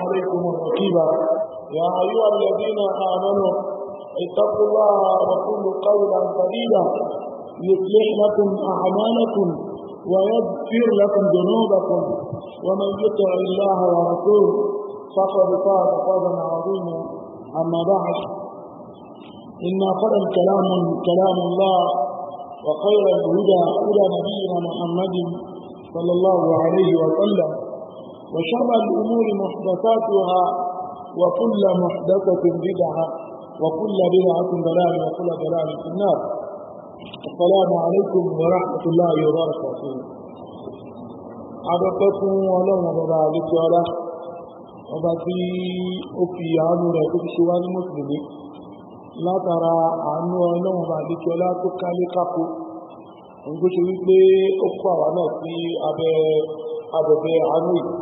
عليكم الرقيبة يا أيها الذين آمنوا اتقوا الله وقولوا قولا قليلا يصلح لكم أعمالكم ويغفر لكم ذنوبكم ومن يطع الله ورسوله فقد فاز فوزا عظيما أما بعد إن خير الكلام كلام الله وخير الهدى إلى نبينا محمد صلى الله عليه وسلم وشر الأمور محدثاتها وكل محدثة بدعة وكل بدعة ضلالة وكل ضلالة في النار السلام عليكم ورحمة الله وبركاته أبقكم ولوم ببعضك ولا وبقي أفي عنه لكم شوان مسلمي لا ترى عنه ولوم ببعضك ولا تكالي قفو نقول شوي بي أخوة ونسي أبي أبي عنه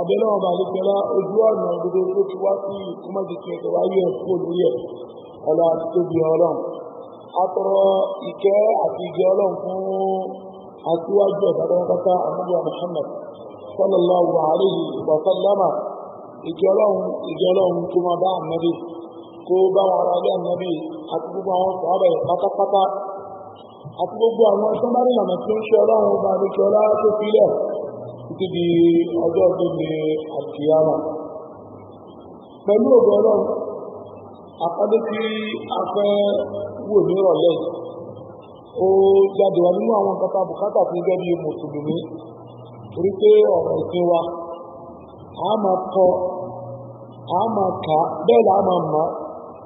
abẹ́lẹ́ ọba àlùkẹ́lá ojú ọ̀nà gbogbo tó ti wá sí ìkúmọ̀jìkì ẹ̀kọ́ wáyé ẹ̀kọ́ lórí ẹ̀ ọlá tóbi ọlọ́run atọrọ ìkẹ́ àti ìjẹ ọlọ́run fún aṣíwájú ẹ̀dádápátá àmúgbà Muhammad sallallahu alayhi wa sallama ìkẹ́ ọlọ́run ìjẹ ọlọ́run tó máa bá ànábì kó bá wọn ara ilé ànábì àti gbogbo àwọn sọ̀rọ̀ pátápátá àti gbogbo àwọn sọ́mbárìnàmọ̀ tí ń ṣe ọlọ́run ọba àdékẹ́ títí di ọjọ́ tó di àkíyàmà pẹ̀lú ògbọ́n náà tí a fẹ́ wò ní ìrọ̀lẹ́ ó jáde wá nínú àwọn kọta bùkátà tó jẹ́ bí mùsùlùmí torí pé ọ̀rọ̀ ìsìn wa a máa kọ a máa kà bẹ́ẹ̀ la máa mọ̀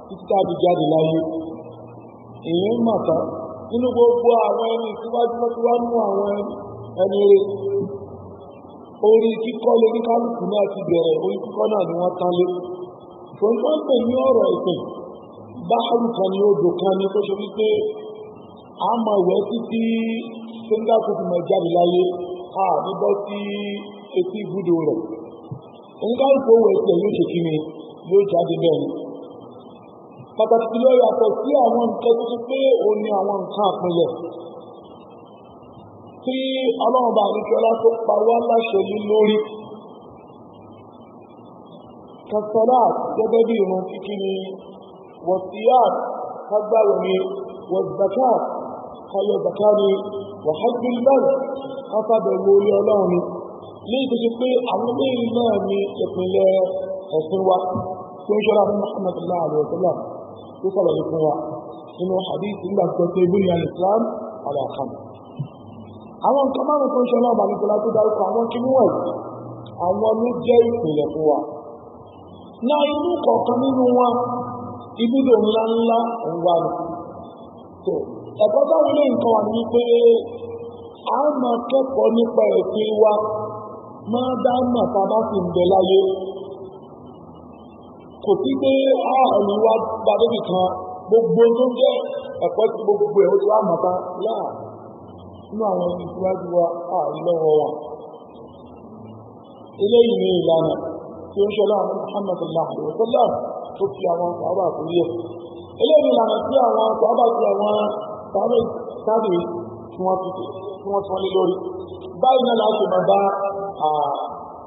títí tá a fi jáde láyé èyí ń mọ̀ tán nínú gbogbo àwọn ẹni síwájú lọ́síwájú àwọn ẹni rẹ̀ orí kíkọ́ lórí kálukú náà ti bẹ̀rẹ̀ orí kíkọ́ náà ni wọ́n tán lé ṣùgbọ́n pè ní ọ̀rọ̀ ìpín báàrù ni odò kan ni tó ṣe wípé a mọ ìwẹ́ títí sẹ́ńdà tó fi mọ̀ jáde láyé a níbọ́ sí etí ibùdó rẹ̀ nǹkan ìfowó ẹ̀sẹ̀ yóò ṣe kí ni yóò jáde bẹ́ẹ̀ ni pàtàkì ló yàtọ̀ sí àwọn nǹkan tó ti pé òun ni àwọn nǹkan àpilẹ̀ tí ọlọ́run bá ní kíọ́lá tó pa wá láṣẹ ní lórí kasalat gẹ́gẹ́ bí ìrun kíkí ni wasiyat kagbáwẹ̀ ni wazakat kayọ zaka ni wàhálùmọ́n kásábẹ̀ lórí ọlọ́run ni ní ìdíje pé àwọn eléyìí náà ni ìpínlẹ̀ ẹ̀sìn wa tó ń ṣọ́ra fún muhammadu náà àlọ́ tó sọ̀rọ̀ fún wa nínú hadith nígbà tó ṣe ibùdó islam àlàkàmù àwọn nǹkan márùn tó ń ṣe ọlọ́ọ̀bà nìkọlá tó dárúkọ àwọn kí wọ̀nyí àwọn ló jẹ́ ìpìlẹ̀ fún wa náà inú kọ̀ọ̀kan nínú wọn ibùdó ńlá ńlá ń wà lọ tó ẹ̀kọ́ táwọn ilé wà ní pé a máa kẹ́kọ̀ọ́ nípa wa máa dá mà tá a bá sì ń bẹ láyé kò sí pé a wa kan gbogbo tó ẹ̀kọ́ gbogbo ẹ̀ ó ti wá nínú àwọn ìṣíwájú wa àìlọ́wọ́ wa eléyìí ní ìlànà tí ó ń ṣọlá àwọn Muhammadullah àdìwọ́sọ́lá tó fi àwọn sàábà tó yẹ eléyìí ìlànà tí àwọn sàábà tí àwọn sàábà tàbí tí wọ́n ti tí wọ́n ti wọ́n lé lórí báyìí náà láti máa bá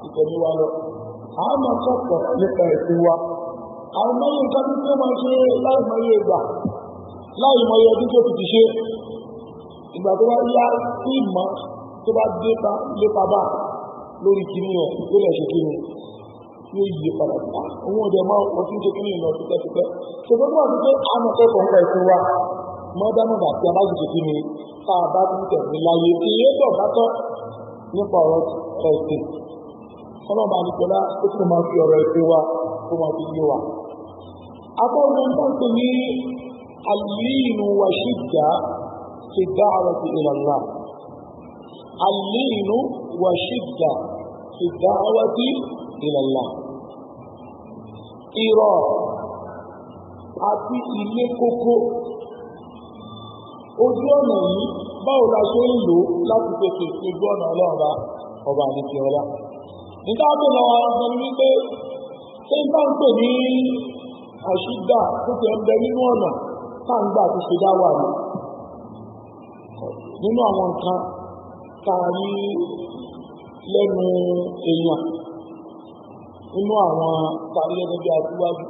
ìtẹ̀lé wa lọ a máa nípa ẹ̀sìn wa àwọn mọ́yìn nǹkan tí wọ́n máa ṣe láì mọye ìgbà láì mọye ọdún tó ti ti ṣe ìgbà tó bá yá sí ìmọ̀ tó bá dépa lépa bá lórí kìíní ẹ̀ ìpínlẹ̀ ṣe kìíní yóò yí padà bá ah, òun ọ̀dẹ̀ máa wọ́n tún ṣe kìíní lọ tipẹ́tipẹ́ ṣùgbọ́n tó wà sí pé àmọ̀ kẹ́kọ̀ọ́ nípa ìfún wa mọ́dámọ́dà àti abájú ṣe kìíní tá a bá tún tẹ̀lé láyé iye tó bá tọ́ nípa ọ̀rọ̀ ẹ̀sìn ọlọ́ọ̀bá nìkọlá ó tún máa fi ọ̀rọ̀ ẹ̀sìn wa kó máa fi yé wa. akọ́gbọ́n tó ń pè ní àlìyìn في الدعوة إلى الله اللين وشدة في الدعوة إلى الله إيرا àti ilé kókó ojú ọ̀nà yìí báwo la ṣe ń lò láti pèsè ojú ọ̀nà ọlọ́ọ̀ba ọba àdìsí ọlá nígbà tó lọ wa sọ ní wípé ṣé n bá ń pè ní àṣìgbà tó ti ń bẹ nínú ọ̀nà tá à ń gbà ti ṣe dá wà ní nínú àwọn nǹkan tààrí lẹ́nu èèyàn nínú àwọn tààrí lẹ́nu bí àtúwájú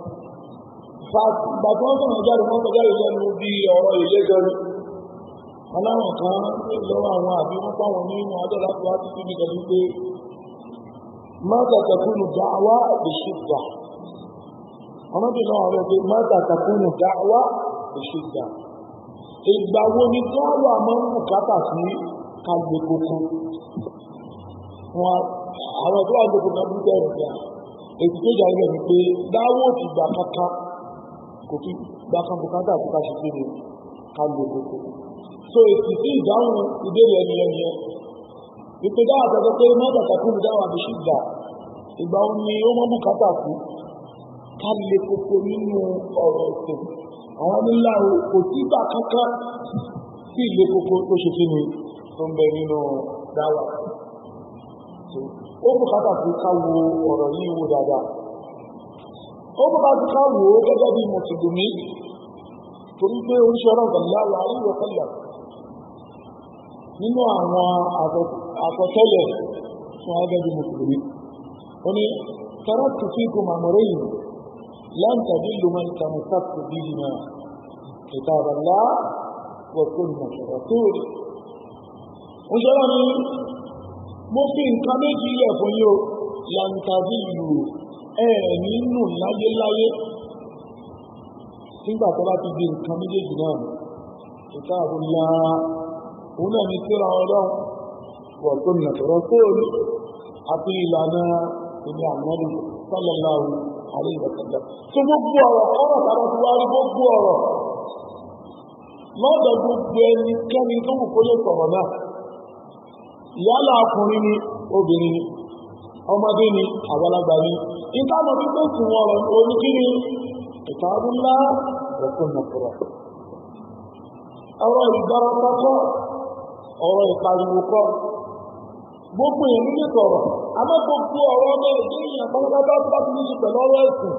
gbàtí wọ́n sọ̀rọ̀ jáde wọ́n sọ jáde lẹ́nu bí ọ̀rọ̀ ìlẹ́jọ́rí aláwọn kan lọ́wọ́ àwọn àbí wọ́n páwọn ní wọn adọ́ láti wá títí bí kẹ́lú pé mọ́tà takúnù dáwà ìṣìgbà ọmọdé náà rẹ̀ pé mọ́tà takúnù dáwà ìṣìgbà ìgbà wo ni káwà máa ń bùkátà sí kàgbègbè kan wọn àwọn tó wà ní gbogbo ọdún bẹ́ẹ̀ nìyà èyí tó jà ilẹ̀ ni pé dáwọ́ ti gbà kankan kò fi gbà kan bùkátà tó ká ṣe pé ní so èsì sí ìdáhùn ìbéèrè ẹni ẹni ẹ ìpè dáwà tẹ́tẹ́ pé má bàtà kí ni dáwà bíṣì gbà ìgbà wo ni ó mọ́ bùkátà sí ká lè nínú ọ̀rọ̀ ìsìn àwọn nílá kò tígbà kankan sí ilé kókó tó ṣe kí ni tó ń bẹ nínú dáwà ó bùkátà sí káwo ọ̀rọ̀ yìí wò dáadáa ó bùkátà sí káwo gẹ́gẹ́ bí mùsùlùmí torí pé oríṣi ọ̀rọ̀ gbàláwà ayélujára nínú àwọn àkọsẹ́lẹ̀ fún agẹ́gẹ́ mùsùlùmí ó ní tọ́rọ̀ tùfíkù màmọ́rẹ́yìn لن تضل من تمسكت بهما كتاب الله وسنة رسوله وجرى mo fi nǹkan méjì lẹ̀ fún yín o làǹtàbí ìlú ẹ̀ nínú láyéláyé nígbà tó bá ti di nǹkan méjèèjì náà ìta àbúlá òun náà ní síra ọlọ́run wọ̀ tó nà tọ̀rọ̀ fóònù àti ìlànà ìní àmọ́lù sọ́lọ́láhùn àlẹ́ ìwọ̀sẹ̀dá tó gbogbo ọ̀rọ̀ ọ̀rọ̀ tàbí ti wá rí gbogbo ọ̀rọ̀ lọ́dọ̀ gbogbo ẹni kẹ́ni tó wù kó lè sọ̀rọ̀ náà yálà ọkùnrin ni obìnrin ni ọmọdé ni àgbàlagbà ni ìtàmọ̀ tí tó sùn ọ̀rọ̀ oníkíni ìtàbílá ẹ̀kọ́ nàkúrọ̀ ọ̀rọ̀ ìgbárapákọ́ ọ̀rọ̀ ìpariwo kọ́ gbogbo èèyàn nílé sọ̀rọ̀ àmọ́ gbogbo ọ̀rọ̀ ọmọ èdè èèyàn pátápátá tó bá ti ní í ṣe pẹ̀lú ọ̀rọ̀ ẹ̀sìn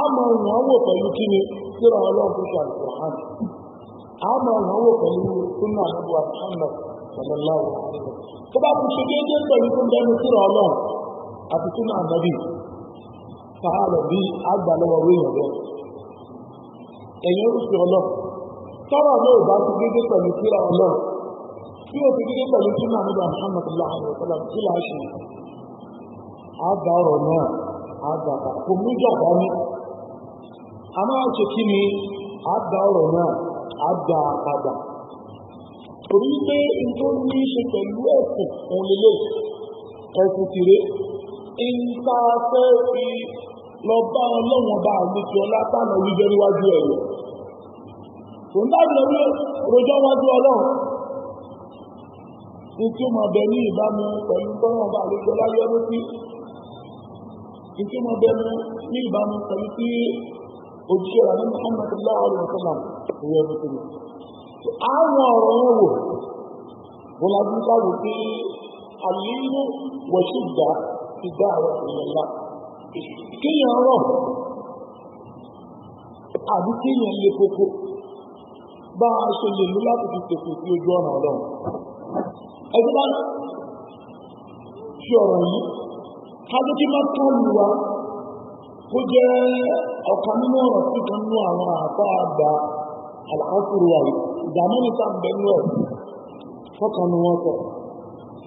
àmọ́ ìrànwọ́ wò pẹ̀lú kí ni síra ọlọ́run tó ṣe àlùkò hàn àmọ́ ìrànwọ́ wò pẹ̀lú súnà àdúgbò àtàmọ̀ sọ̀lọ́láwò tó bá ti ṣe déédéé pẹ̀lú tó ń dẹnu síra ọlọ́run àti súnà ànábì sàárọ̀ bí àgbàlọ́wọ́ wéèyàn rẹ̀ ẹ̀yìn orúkọ ọlọ́run tọ́rọ̀ náà tí o ti di ní pẹ̀lú tí màmú bá Muhammad láàrin ọ̀sọ́lá tí láà ṣe àgbà ọ̀rọ̀ náà àgbà kò mú jọ̀bọ̀ ní a máa ṣe kí ni àgbà náà àgbà torí pé nǹkan ní ṣe pẹ̀lú ẹ̀sìn òun lélẹ̀ ẹ̀sìn tìrẹ nta fẹ́ fi lọ bá ọlọ́wọ́n bá àlejò ọlátànà orí níwájú ẹ̀rọ tòun dájú lọ́wọ́ rojọ́ wájú ọlọ́run ní tí ó máa bẹ ní ìbámu pẹ̀lú tọ́lọ́wọ́n bá àlejò láyọ́dún sí ní tí ó máa bẹ ní ìbámu pẹ̀lú tí òjíṣẹ́ rà ní Muhammad láàrin ọ̀sánà ìwé ọdún tó lè. àwọn ọ̀rọ̀ yẹn wò wọ́n la bí ká wò pé àlínú wọ̀ṣí ìgbà ìgbà àwọn ìyẹ̀lá kéèyàn rọ̀ àbí kéèyàn lè koko bá a ṣe lè mú láti fi tètè sí ojú ọ̀nà ọlọ́run ẹgbẹ́ bá fi ọ̀rọ̀ yìí kájúkí bá tọ́lù wa kó jẹ́ ọ̀kan nínú ọ̀rọ̀ sí kan nínú àwọn àpá àgbà àlàáfíì wa yìí ìdààmú ní sáà bẹ́ẹ̀ ní ọ̀rọ̀ fọ́kàn ni wọ́n sọ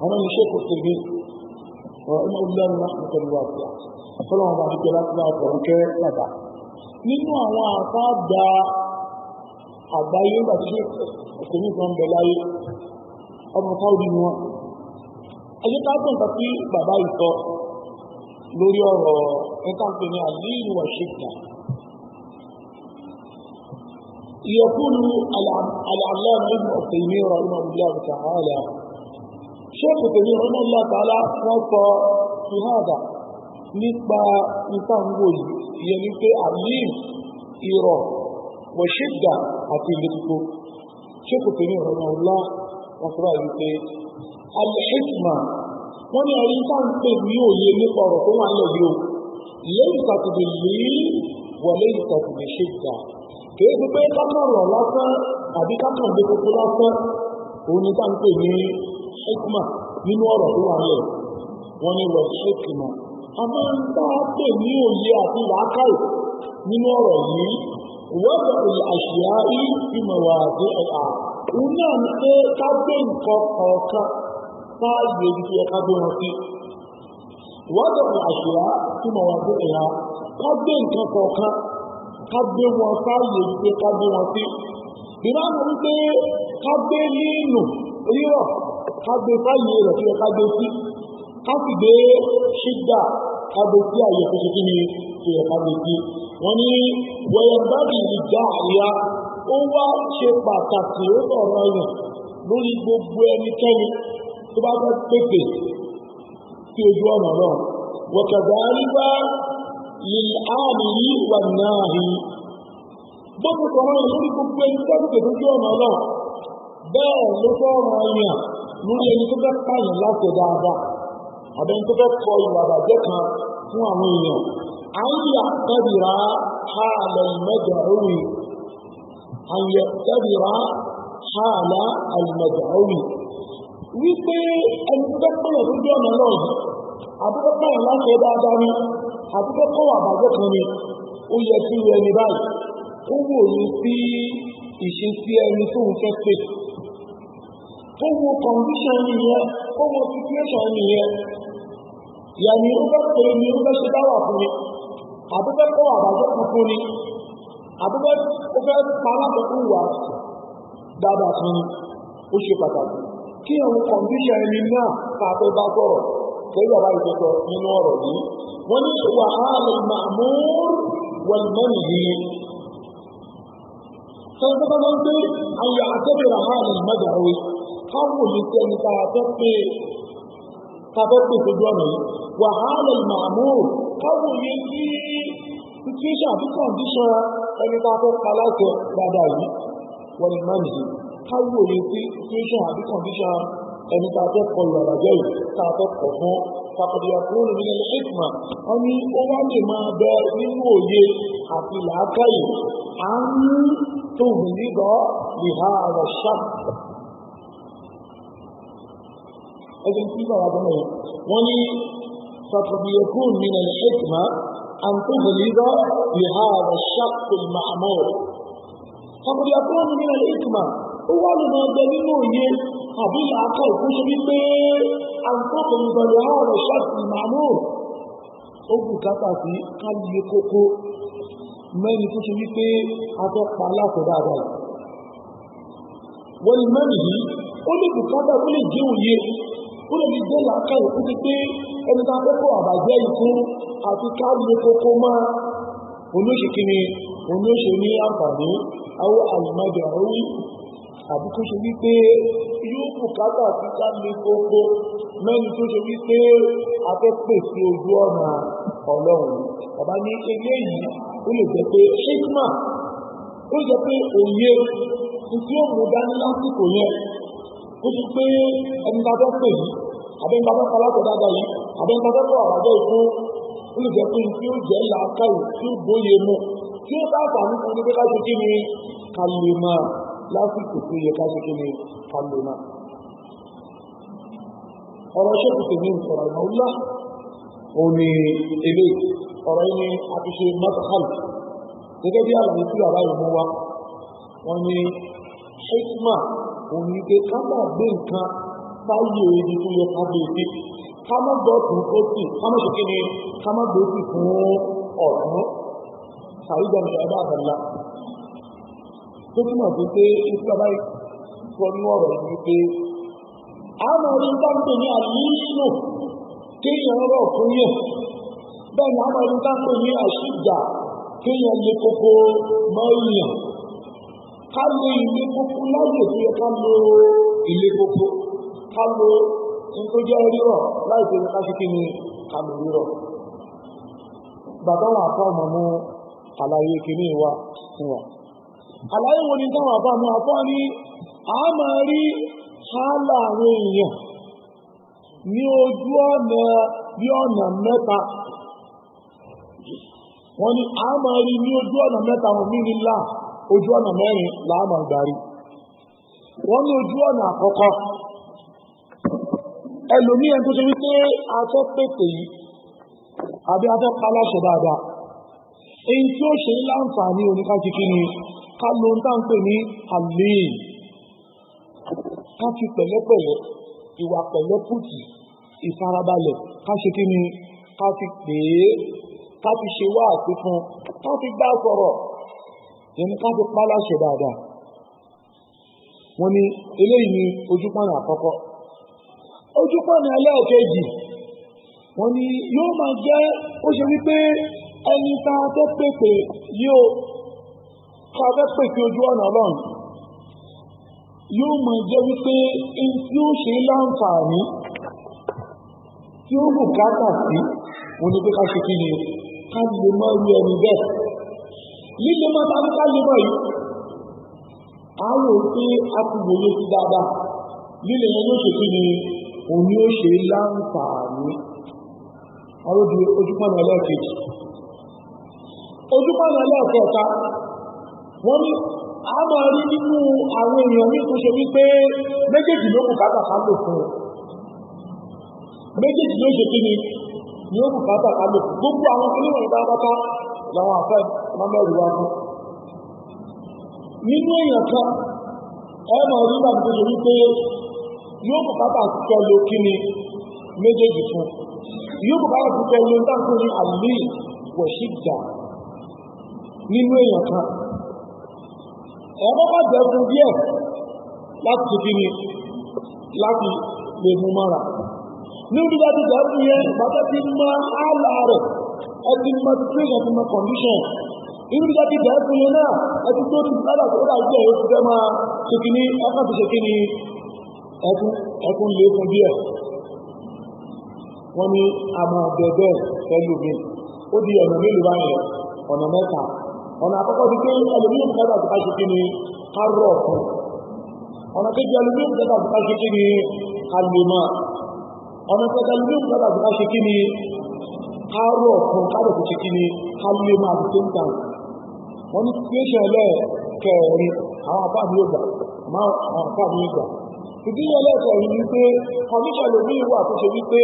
àwọn iṣẹ́ kò tẹ̀lé ọ̀rọ̀ ọmọ ìlú ẹ̀rọ láti tẹ̀lé wa sí àfọlọ́wọ́n bá ti jẹ́ láti máa sọ̀rọ̀ kẹ́ bàbá nínú àwọn àpá àgbà àgbáyé nígbà tí ọ̀sẹ̀ ní kan bẹ̀ láyé ọmọ sáúdì ni wọ́n ẹjẹ́ ká tó nǹkan tí bàbá ìsọ lórí ọ̀rọ̀ ẹ̀káǹpé ní àlíyìn wà ṣèkà يقول العلامة ابن تيمية رحمه الله تعالى شيخ تيمية رحمه الله تعالى وصى في هذا nípa ìtàǹgbò yìí ní pé àlìm ìrọ̀ wọ̀ṣídà àti ìlẹ́tìkó ṣékùtì ní ọ̀rọ̀ ọlá wọ́n sọ báyìí wípé alhikma wọ́n ní ẹ̀yìn tá ń pè ní òye nípa ọ̀rọ̀ tó wà lẹ́yìn o lẹ́yìn tàbí lè wọlé ìtàkùn ìṣèjà kìí fi pé kákàrọ̀ lásán tàbí kákàndé kókó lásán òun ní tá ń pè ní hikma nínú ọ̀rọ̀ tó wà lẹ̀ wọ́n ní wọ́n hikma àmọ́ ń bá a pè ní òye àti làákàyè nínú ọ̀rọ̀ yìí wọ́n bẹ̀rẹ̀ àṣìyá yìí fi mọ̀ wà dé ẹ̀ka òun náà ni pé ká gbé nǹkan kọ̀ọ̀kan sáàyè ibi tí ẹ ká gbé wọn sí wọ́n dọ̀kọ̀ àṣìyá tí mo wà gbé ìyá ká gbé nǹkan kọ̀ọ̀kan ká gbé wọn sáàyè ibi tí ẹ ká gbé wọn sí ìlànà wípé ká gbé nínú rírọ̀ ká gbé sáàyè rẹ̀ tí ẹ ká gbé sí ká gbé ṣígbà ká sí àyè tó kí ni tí ẹ sí wọ́n ní wọ́yẹ̀ bá ó wá ṣe pàtàkì ó sọ̀rọ̀ yàn lórí gbogbo ẹnikẹ́ni tó bá fẹ́ pèpè sí ojú ọ̀nà náà wọ̀kẹ̀dárígbá lìláàmìlì wà náà rí bó ti sọ̀rọ̀ yàn lórí gbogbo ẹni tó fẹ́ pèpè ojú ọ̀nà náà bẹ́ẹ̀ ló sọ̀rọ̀ yàn lórí ẹni tó fẹ́ pààyàn láti dáadáa àbẹ́ni tó fẹ́ kọ ìwà àbàjẹ́ kan fún àwọn èèyàn àyíyà tẹ́bìrà ká àlẹ́ ìmẹ́jọ òwì أن يقتدر حال المدعو wípé ẹni tó bẹ́ pẹ̀lẹ̀ tó jẹ́ ọ̀nà náà yìí àbúkọ́ pẹ̀lẹ̀ láti ẹ̀dá adá ní àbúkọ́ kọ́wà àbájọ́ kan ni ó yẹ kí irú ẹni báyìí ó wò ní sí ìṣesí ẹni tó ń fẹ́ pè tó wo condition nìyẹn tó wo situation nìyẹn yẹn ni ó fẹ́ ṣe dáwà fún mi àbúkọ́ kọ́wà àbájọ́ kan fún ni àbúkọ́ ó fẹ́ palábọ̀ fún ìwà dáadáa kan ni ó ṣe pàtàkì kí àwọn kọ̀ǹdíṣà ẹni náà tàbí bá sọ̀rọ̀ pẹ̀lú bàbá ìtọ́tọ̀ nínú ọ̀rọ̀ yìí wọ́n ní wàhálà màmúr wẹ̀lmọ́nì yìí sọ́dọ̀ bá máa ń pé àwọn àtẹ́bẹ̀rẹ̀ àhálà ìmọ̀dàwé káwọn òní tí ẹni tá a fẹ́ pè sójú ọ̀nà yìí wàhálà màmúr káwọn òní tí situation àti ẹni tá a fẹ́ pa láṣẹ dáadáa yìí wọ́n ní máa nìyí ká wò ní sí situation àbí condition ẹni tá a fẹ́ kọ ìwà àbàjẹ́ yìí tá a fẹ́ kọ̀ fún pàtàkìyà fún òní nínú ṣèkìmà wọn ní ó wá lè máa bẹ nínú òye àti làákàyè à ń mú tóun nígbà ìhà rẹ̀ ṣáàpù ẹgbẹ́ tí bàbá bọ́mọ̀ yẹn wọ́n ní pàtàkìyà fún òní nínú ṣèkìmà أن تغلظ لهذا الشخص المحمود فقد يكون من الحكمة هو لما دليله أبي عقل كوش أن تغلظ لهذا الشخص المحمود ó bù kátà sí káyé kókó mẹ́rin tó ṣe wípé atọ́pa aláṣẹ dáadáa wọ́n ni mẹ́rin yìí ó lè bù kátà ó lè jẹ́ òye ó lè fi jẹ́ làákàyè kó ti ẹni tá a àbàjẹ́ ikú àti ká lè kókó máa olóṣèké ni olóṣè ní àǹfààní àwọn àlùmọ́dé àwọ́wí àbí tó ṣe wípé yóò bùkátà sí ká lè kókó mẹ́rin tó ṣe wípé afẹ́pẹ̀ sí ojú ọ̀nà ọlọ́run bàbá ní eléyìí ó lè jẹ́ pé ṣíkmà ó jẹ́ pé òye tí ẹni bá fẹ́ pè yìí àbẹ́ńgbàdọ́kọ̀ látọ̀ dáadáa yìí àbẹ́ńgbàdọ́kọ̀ àbájọ́ ìfún ó lè jẹ́ pé tí ó jẹ́ làákàyè tí ó gbóye mọ̀ tí ó sábà ní fún nígbà láti kí ni ká lè máa lásìkò tó yẹ ká ṣe kí ni ká lè máa. ọ̀rọ̀ ṣẹ́kù tèmi ìsọ̀rọ̀ ìmọ̀lá òun ni èlé ọ̀rọ̀ yìí ni a ti ṣe mọ́tàkàlù gẹ́gẹ́ bí àlàyé tí bàbá yìí mú wa wọ́n ní ṣẹ́kùmá òun ni pé ká gbàgbé nǹkan sáyé ibi tó yẹ ká gbé dé e kámọ́dọ̀tún ó sì kámọ́dọ̀ kí ni kámọ́dọ̀ sì fún ọ̀tún sàríjà ní ẹ̀dá àbẹ̀lá tó túmọ̀ sí pé ìsọ́bá sọ ní ọ̀rọ̀ yìí pé a máa rí dáńtò ní àlíṣù kéèyàn rọ̀ fún yẹn bẹ́ẹ̀ ni a máa rí dáńtò ní àṣìjà kéèyàn lè kókó mọ́ọ̀yàn ká lo ilé kókó láyè tó yẹ ká lo ilé kókó ká lo tó jẹ́ rírọ̀ láìpẹ́ ní káṣíkí ni kàmì rírọ̀ bàbá wà fọ́ ọmọ mú àlàyé kìíní wa fún wa àlàyé wo ni táwọn àbá mú àfọ́ ni a máa rí hálà àwọn èèyàn ní ojú ọ̀nà bí ọ̀nà mẹ́ta wọ́n ní a máa rí ní ojú ọ̀nà mẹ́ta wọn ní nílá ojú ọ̀nà mẹ́rin làá máa wọ́n ní ojú ọ̀nà àkọ́kọ́ ẹlòmí ẹni tó ṣe wípé afẹ́ pèpè yìí àbí afẹ́ paláṣẹ dáadáa èyí tí ó ṣe láǹfààní oníkàkíkí ni ká ló ń tàǹpè ní àlèyìn ká fi pẹ̀lẹ́pẹ̀lẹ́ ìwà pẹ̀lẹ́pùtì ìfarabalẹ̀ ká ṣe kí ni ká fi pè é ká fi ṣe wá àti fún ká fi dá sọ̀rọ̀ ìní ká fi paláṣẹ dáadáa wọ́n ní eléyìí ni ojúpọ̀nà àkọ́kọ́ ojúpọ̀nà ẹlẹ́ẹ̀kejì wọ́n ní yóò máa jẹ́ ó ṣe wípé ẹni tá a fẹ́ pèpè yóò tá a fẹ́ pèpè ojú ọ̀nà ọlọ́run yóò máa jẹ́ wípé ẹni tí ó ṣe láǹfààní tí ó bù káàkà sí wọn ni pé ká ṣe kí ni ká lè mọ irú ẹni bẹ́ẹ̀ líle mọ́ tàbí ká lè mọ́ yìí a rò pé a ti wòye sí dáadáa líle yẹn yóò ṣe kí ni òun o ṣe láǹfààní àrójú ojúpọ̀nà ẹlẹ́ẹ̀kejì ojúpọ̀nà ẹlẹ́ẹ̀kẹta wọ́n ní a máa rí nínú àwọn èèyàn ní tó ṣe wípé méjèèjì ló bùkátà ká lò fún méjèèjì ló ṣe kí ni ni ó bùkátà ká lò gbogbo àwọn onímọ̀ làwọn àfẹ́ wá fún nínú èèyàn kan tó ṣe yóò kò bàbá àtúntọ́ lo kíni méjèèjì fún yóò kò bàbá àtúntọ́ lo dákò ní àlè wẹ̀ṣígbà nínú èèyàn kan ẹ̀rọ bá jẹ́ fún díẹ̀ láti ti kíni láti lè mú mọ́ra ní bí bá ti jẹ́ fún yẹn bàbá ti mọ àlà rẹ̀ ẹ ti mọ situation ti mọ condition irú bí bá ti jẹ́ fún yẹn náà ẹ ti tó dà jẹ́ èyí máa ṣe kíní ọkọ̀ ti ṣe kíní ẹkún lékún díẹ̀ wọ́n ní àmọ́ bẹ̀bẹ̀ pẹ̀lú mi ó di ọ̀nà mélòó báyẹn ọ̀nà mẹ́ta ọ̀nà àkọ́kọ́ ti pé ẹlòmíì ń tẹ́lá ti káṣí kí ni kárọ̀ fún ọ̀nà kejì ẹlòmíì ń tẹ́lá ti káṣí kí ni kalima ọ̀nà kẹta ẹlòmíì ń tẹ́lá ti káṣí ni kárọ̀ fún kárọ̀ ti kí ni kalima àti tó wọ́n ní situation ẹlẹ́ẹ̀kẹrin àwọn àbá àwọn àbá ìdíyẹ lẹ́sẹ̀ yìí wípé kọmíṣọ̀ lómi wà tó ṣe wípé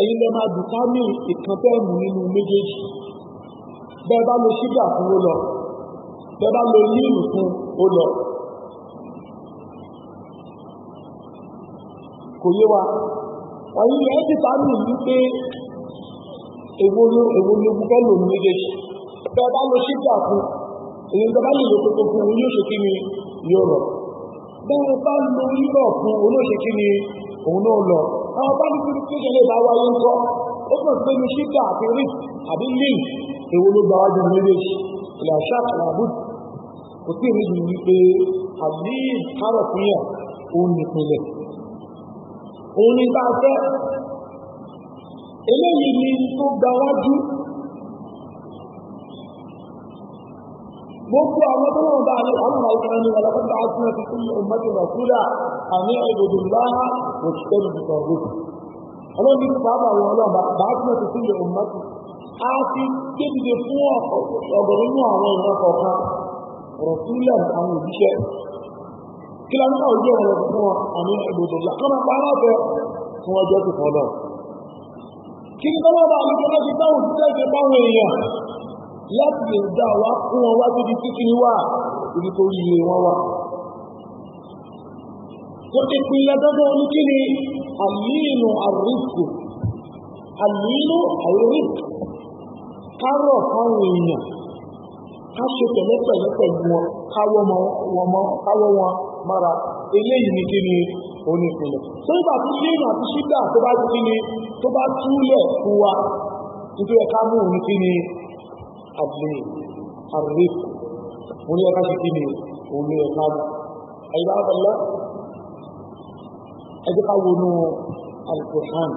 ẹ̀yin lẹ máa dùtámì ìkan bẹ́ẹ̀mù nínú méjèèjì bẹ́ẹ̀ bá lo ṣúgà fún ó lọ bẹ́ẹ̀ bá lo líìmù fún ó lọ kò yé wa ẹ̀yin lẹ́ dùtámì wípé èwo ló èwo ló gbogbo lò ní méjèèjì bẹ́ẹ̀ bá lo ṣúgà fún èyí tó bá lè lo kókó fún yóò ṣe kí ni yóò rọ̀ tẹ́ ẹ bá lo lílọ̀ fún olóṣè kí ni òun náà lọ àwọn bá dúdú tó ṣe lè bá wáyé ń kọ́ ó kàn pé ní ṣíkà àti rí àbí link èwo ló gba wájú méjèèjì ìlà shark làbù kò tí ì rí ju wípé àbí kárọ̀ fún yàn òun nìpínlẹ̀ òun ni bá fẹ́ eléyìí ni tó gba wájú gbogbo àwọn tó lọ́wọ́ bá lè ọ̀nà ìkan ní ọlọ́pàá àti náà ti fún ọmọdé rọ̀kúdà àní ìbòdò láhà òṣìṣẹ́ ní ìtọ̀rọ̀ ọlọ́run ní pàápàá àwọn ọlọ́ba bá ti náà ti fún ọmọdé a ti débìde fún ọ̀gọ̀ nínú àwọn ìran kọ̀ọ̀kan rọ̀kúdà àwọn òṣìṣẹ́ kí la nípa òjò ọ̀rọ̀ fún àní ìbòdò láhà kọ́nà láti lè dá wá fún wọn wá tó di títí wà ibi tó yìí wọn wà. Wọ́n ti pin lọ́dọ́dọ́ ní kí ni àlínú àríkù, àlínú àríkù, kárọ̀ fáwọn èèyàn, ká ṣe tẹ̀lẹ́tẹ̀lẹ́ pẹ̀lú wọn, káwọ́ wọn, káwọ́ wọn mára, eléyìí ní kí ni òun ìpìlẹ̀. Tó ìgbà tí léèyàn àti ṣígbà tó bá ti kí ni tó bá túlẹ̀ fún wa, nítorí ẹ̀ká mú òun kí ni اللين الرفق ولي أكاد كيني ولي أكاد أي بعض الله أجي قولوا القرآن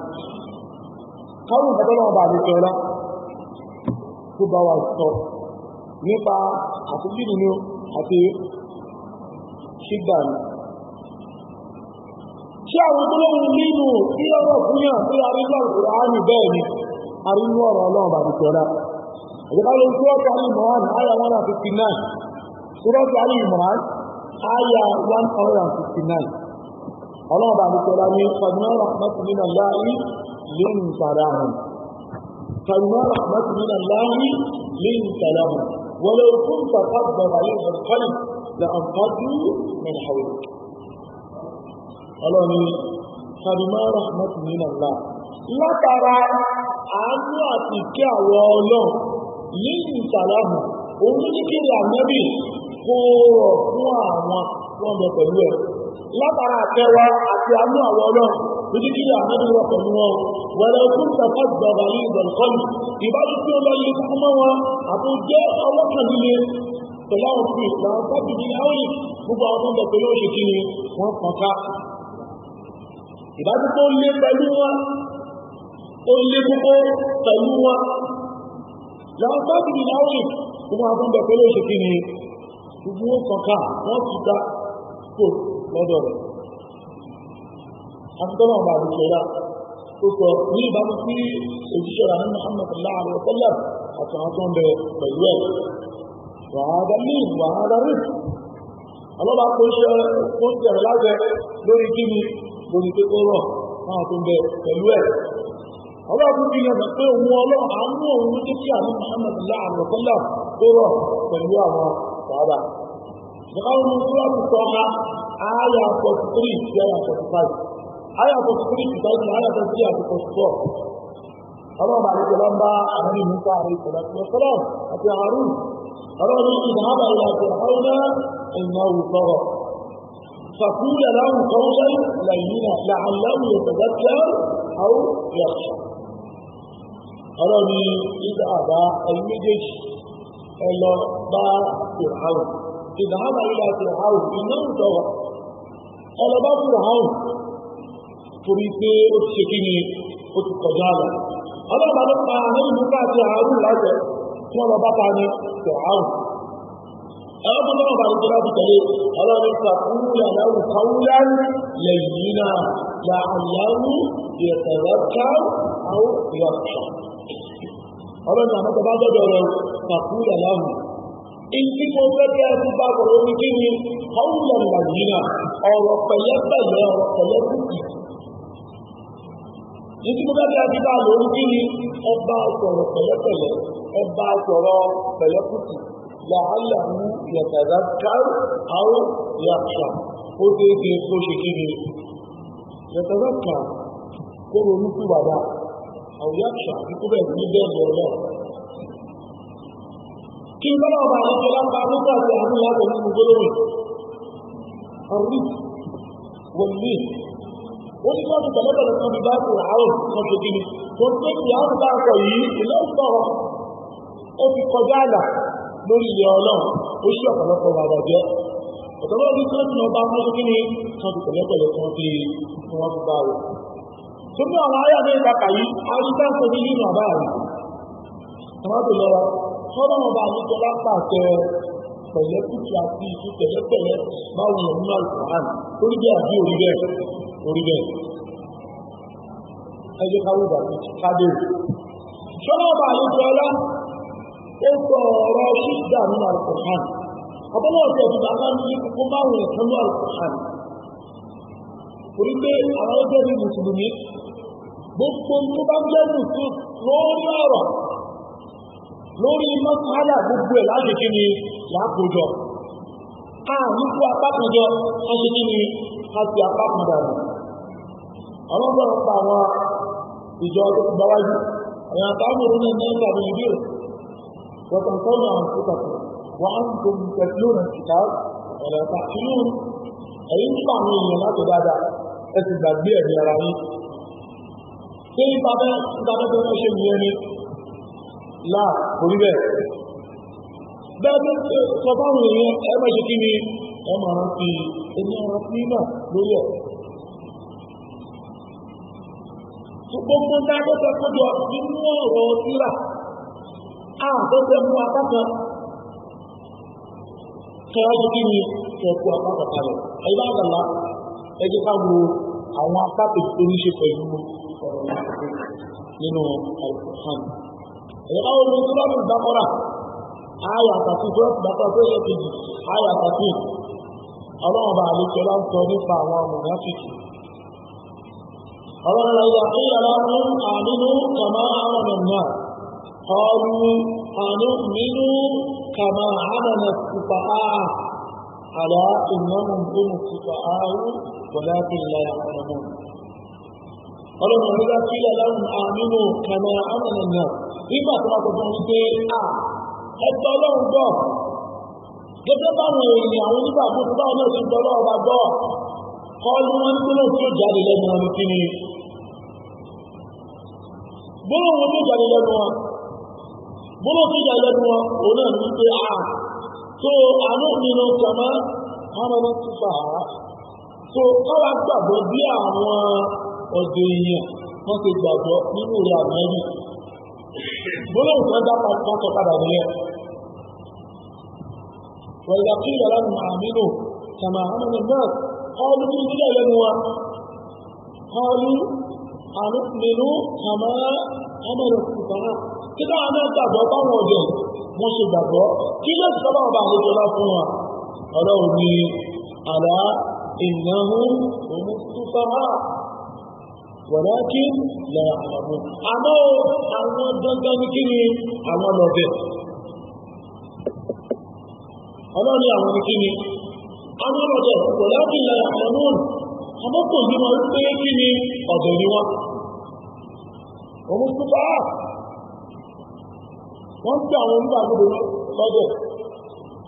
قولوا فتلوا بعد الكولة كبا والصور nípa àtúndínú ni àti ṣígbà ni ṣé àwọn tó lóhun nínú ìrọ̀rọ̀ fún yàn tó yàrí lọ́rọ̀ àánì bẹ́ẹ̀ ni àrínú ọ̀rọ̀ ọlọ́run bàbí Ìbálò Sọ́ọ̀tù Ali Imran àyà 159. Sọ́ọ̀tù Ali Imran àyà 159. Ọlọ́ọ̀bà àdìsọ́lá ní Fàdúnà Rahmat min Allahi lin Sadahun. Fàdúnà Rahmat min Allahi lin Sadahun. Wọ́lẹ̀ òkun fàfàgbà wáyé ìrọ̀kọ́lì لأنفضوا من حولك ọlọ́ni ṣàdùmọ́ rahmat min Allah látara àánú àti ìkẹ́ àwọn ọlọ́run yìí ìtàlámù òun ní kéde ànábì kó rọ̀ fún àwọn wọn lọ pẹ̀lú ẹ̀ látara àtẹwà àti àánú àwọn náà lójú kí ànábì wọ pẹ̀lú wọn wẹ̀rẹ̀ fún tẹ̀fẹ́ gbọ̀gbà yìí ìdọ̀lùkọ́lù ìbájú tí ó lọ yẹ kúkú mọ́ wọn àti jẹ́ ọlọ́kàn líle pẹ̀lú àwọn fi ìtàn tọ́jú ní àwòyìn gbogbo àwọn tó ń bọ̀ pẹ̀lú òṣèkí ni wọ́n kàn ká ìbájú tó lé pẹ̀lú wọn ó lé kókó pẹ̀lú wọn yàrá sáàbì ní láwùjì gbogbo àwọn ọmọdé pẹ̀lú oṣù kí ni gbogbo kọ̀ọ̀kan wọ́n ti ká kò lọ́dọ̀ rẹ̀ àtúntọ́nà ọba àti ìṣẹ̀dá ó sọ ní ìbámu sí òṣìṣẹ́ rà ní Muhammad sallallahu alaihi wa sallam àti àwọn tó ń bẹ pẹ̀lú ẹ̀ wàhálà ní wàhálà rí ọlọ́ba kò ṣe ọlọ́run ti yànjọ pé òun ọlọ́run àánú òun ní kí àní muhammed láàánú ọ̀tọ́lá tó rọ̀ pẹ̀lú àwọn sàábà. ìjọba ń mú sọ́ọ̀bù tọ́ka àyà forty three sí àyà forty five àyà forty three sí àyà àyà forty three àti forty four. ọlọ́run àlejò ló ń bá àwọn ènìyàn sọ àrẹ ìṣẹ̀lẹ̀ tó sọ́lọ̀ àti àrù ọlọ́run ìdáhàbà ìlàjẹ̀ ọ̀hún ìnáwó sọ̀rọ̀ فقول له قولا لينا لعله يتذكر او يخشى ọlọ́ni ìdá àbá ẹni méjèèjì ẹ lọ bá fìràhùn ìdáhàbà ìlà fìràhùn iná ń tọrọ ẹ lọ bá fìràhùn torí pé ó ti ṣe kí ni ó ti kọjá lọ ọlọ́ba ló pa àwọn ìmúká àti àárùn lájẹ tí wọ́n lọ bá ta ni fìràhùn ẹ̀rọ tó lọ́wọ́ bá ní tó láti tẹ̀lé ọlọ́ni fàkúrúlà láwù kàwúlà lẹ́yìn náà yà àyàwó ìrẹ̀tẹ̀rẹ̀ àwọn ìwà ọlọ́run àwọn ọba gbọ́dọ̀ rẹ̀ fàkúrẹ̀ láhùn ìdí mo fẹ́ bí ẹkú bá kọ̀rọ̀ ní kí ni ọ̀húnlẹ̀ nàìjíríà ọ̀rọ̀ pẹ̀lẹ́pẹ̀lẹ́ ọ̀rọ̀ pẹ̀lẹ́kùtì ìdí mo fẹ́ bí ẹkú bá lọ ní kí ni ọba sọ̀rọ̀ pẹ̀lẹ́pẹ̀lẹ́ ọba sọ̀rọ̀ pẹ̀lẹ́kùtì làálàmú yàtàdá kárù àwọn yàtà ó déédéé kó ṣe kí ni yàtàdá kárù kó ronú sí wàdà àwọn yàtọ̀ àbíkú bẹ́ẹ̀ ní bẹ́ẹ̀ lọ́wọ́ kí n bọ́lá ọba àwọn ọba pa nípa àti àwọn ìyá rẹ̀ nínú gbólóhùn ọ̀rí wọ̀nyí ó ní láti tẹ̀lẹ́tẹ̀lẹ́ kan bí bá kò ráhùn kan ṣe kí ni wọ́n tó ti àwọn bá kọ̀ yìí ilé ìsọ̀rọ̀ ó ti kọjá àlà lórí ilẹ̀ ọlọ́run ó ṣí ọ̀pọ̀lọpọ̀ bàbà jẹ́ ọ̀tọ̀lọ́bí tó ti ọba mọ́ kí ni kan ti tẹ̀lẹ́tẹ̀lẹ́ kan ti wọ́n fi bá rẹ̀ nínú àwọn ayé àbẹ́ ìpapà yìí àríkà tó ní nínú àbá rẹ̀ tọ́mátò lọ́wọ́ tọ́lá ọba àlejò lápá àtẹ pẹ̀lẹ́kùtù àti ìtú pẹ̀lẹ́pẹ̀lẹ́ máa wù nínú àlùkòrán orí bẹ́ẹ̀ àbí orí bẹ́ẹ̀ orí bẹ́ẹ̀ ẹ jẹ́ káwọ́ bàbá kádé tọ́lá ọba àlejò ọlá ó sọ ọ̀rọ̀ ṣíṣà nínú àlùkòrán ọbọ̀lọ́ ọ̀tẹ̀ ìdìbò pé àwọn ọjọ́ ní mùsùlùmí gbogbo tó bá jẹ́ lùtù lórí ọ̀rọ̀ lórí mọ́sálà gbogbo ẹ̀ láti kí ni lápòjọ àmúkú apákòjọ ọ̀sẹ̀ kí ni a ti apákòjọ rẹ̀ ọlọ́gbọ̀n pa àwọn ìjọ tó ti bá wájú àwọn àtàwọn ní ní ìgbà ní ìdí rẹ̀ wọ́n kọ́ ní àwọn ìpàkọ̀ wọ́n á ti tóbi pẹ̀lú rẹ̀ kíkà ọ̀rọ̀ ìpàkìlú ẹ̀yìn nípa àwọn èèyàn láti dáadáa ẹ gbàgbé ẹ̀mí ara yín ṣé nípa bẹ́ẹ̀ nípa bẹ́ẹ̀ tó ṣe nìyẹn ni láà kò rí bẹ́ẹ̀ bẹ́ẹ̀ tó sọ fáwọn èèyàn ẹ máa ṣe kí ni ẹ máa rántí ẹni ara sí náà lórí ẹ̀ gbogbo ńlá tó fẹ́ kó jọ nínú ọ̀rọ̀ síra a tó fẹ́ mú apákan kẹ́wàá kí ni kẹ́kọ̀ọ́ apákan kalẹ̀ ẹ̀yìn ká wo àwọn apákan tó ṣe pẹ̀lú sọ̀rọ̀ láti nínú alùpùpù. Ẹ̀yẹ́ báwo ni Sọ́ọ̀tù Bákọ́rà? Ayà àtàkì Sọ́ọ̀tù Bákọ́rà tó yẹ kejì. Ayà àtàkì ọlọ́run bá àlejò ọlá ń sọ nípa àwọn amònásìkì. Ọlọ́run la yà kí yàrá mú àmínú kàmá àwọn ọ̀nà ọ̀rù àmínú kàmá àwọn ọ̀nà kùpà áà. Àlá ìnáwó ń gbé mu áà wọ́n láti ń la àwọn ọlọ́run nígbà tí ìlàláhùn àmínú kàmà àmàlànà nígbà tó bá gbogbo ń pé à ẹgbẹ́ ọlọ́run gbọ́ gẹ́gẹ́ báwọn èèyàn àwọn nígbà tó bá wọn náà ti gbọ́ ọlọ́run bá gbọ́ kọlu wọn ní gbọ́dọ̀ tí ó jáde lẹ́nu wọn kí ni gbọ́dọ̀ wọn tó jáde lẹ́nu wọn gbọ́dọ̀ tó jáde lẹ́nu wọn òun náà ní pé à tó àánú nínú kàmà àmàlànà tó fà á tó káwá gbàgbọ́ bí àwọn ọ̀dọ̀ èèyàn wọ́n ti gbàgbọ́ nínú rẹ̀ àmẹ́rì gbólóhùn tó dá pàtó padà nílẹ̀ wọ́n yà kí ìyàrá nù àmínú kàmà àmínú náà kọ́ọ̀lù kí nílẹ̀ lẹ́nu wa kọ́ọ̀lù àmínú kàmà àmínú kùkàrà kí táwọn náà gbàgbọ́ báwọn ọ̀dọ̀ wọ́n ṣe gbàgbọ́ kí ló ti sábà bá àlejò lá fún wa ọ̀rọ̀ òní àlá ìnáwó òmùsùfàá wọ̀lẹ́kí lẹ àlọ́bù. Àmọ́ àwọn dandan ní kí ni àwọn lọ́bẹ̀. Ọlọ́run ní àwọn ní kí ni? Àwọn lọ́bẹ̀ wọ̀lẹ́kí lẹ àlọ́bù. Àmọ́ kò sí wọn pé kí ni ọ̀dọ̀ ni wọn. Wọ́n mú púpá. Wọ́n gbé àwọn onígbàgbọ́dọ̀ lọ́dọ̀.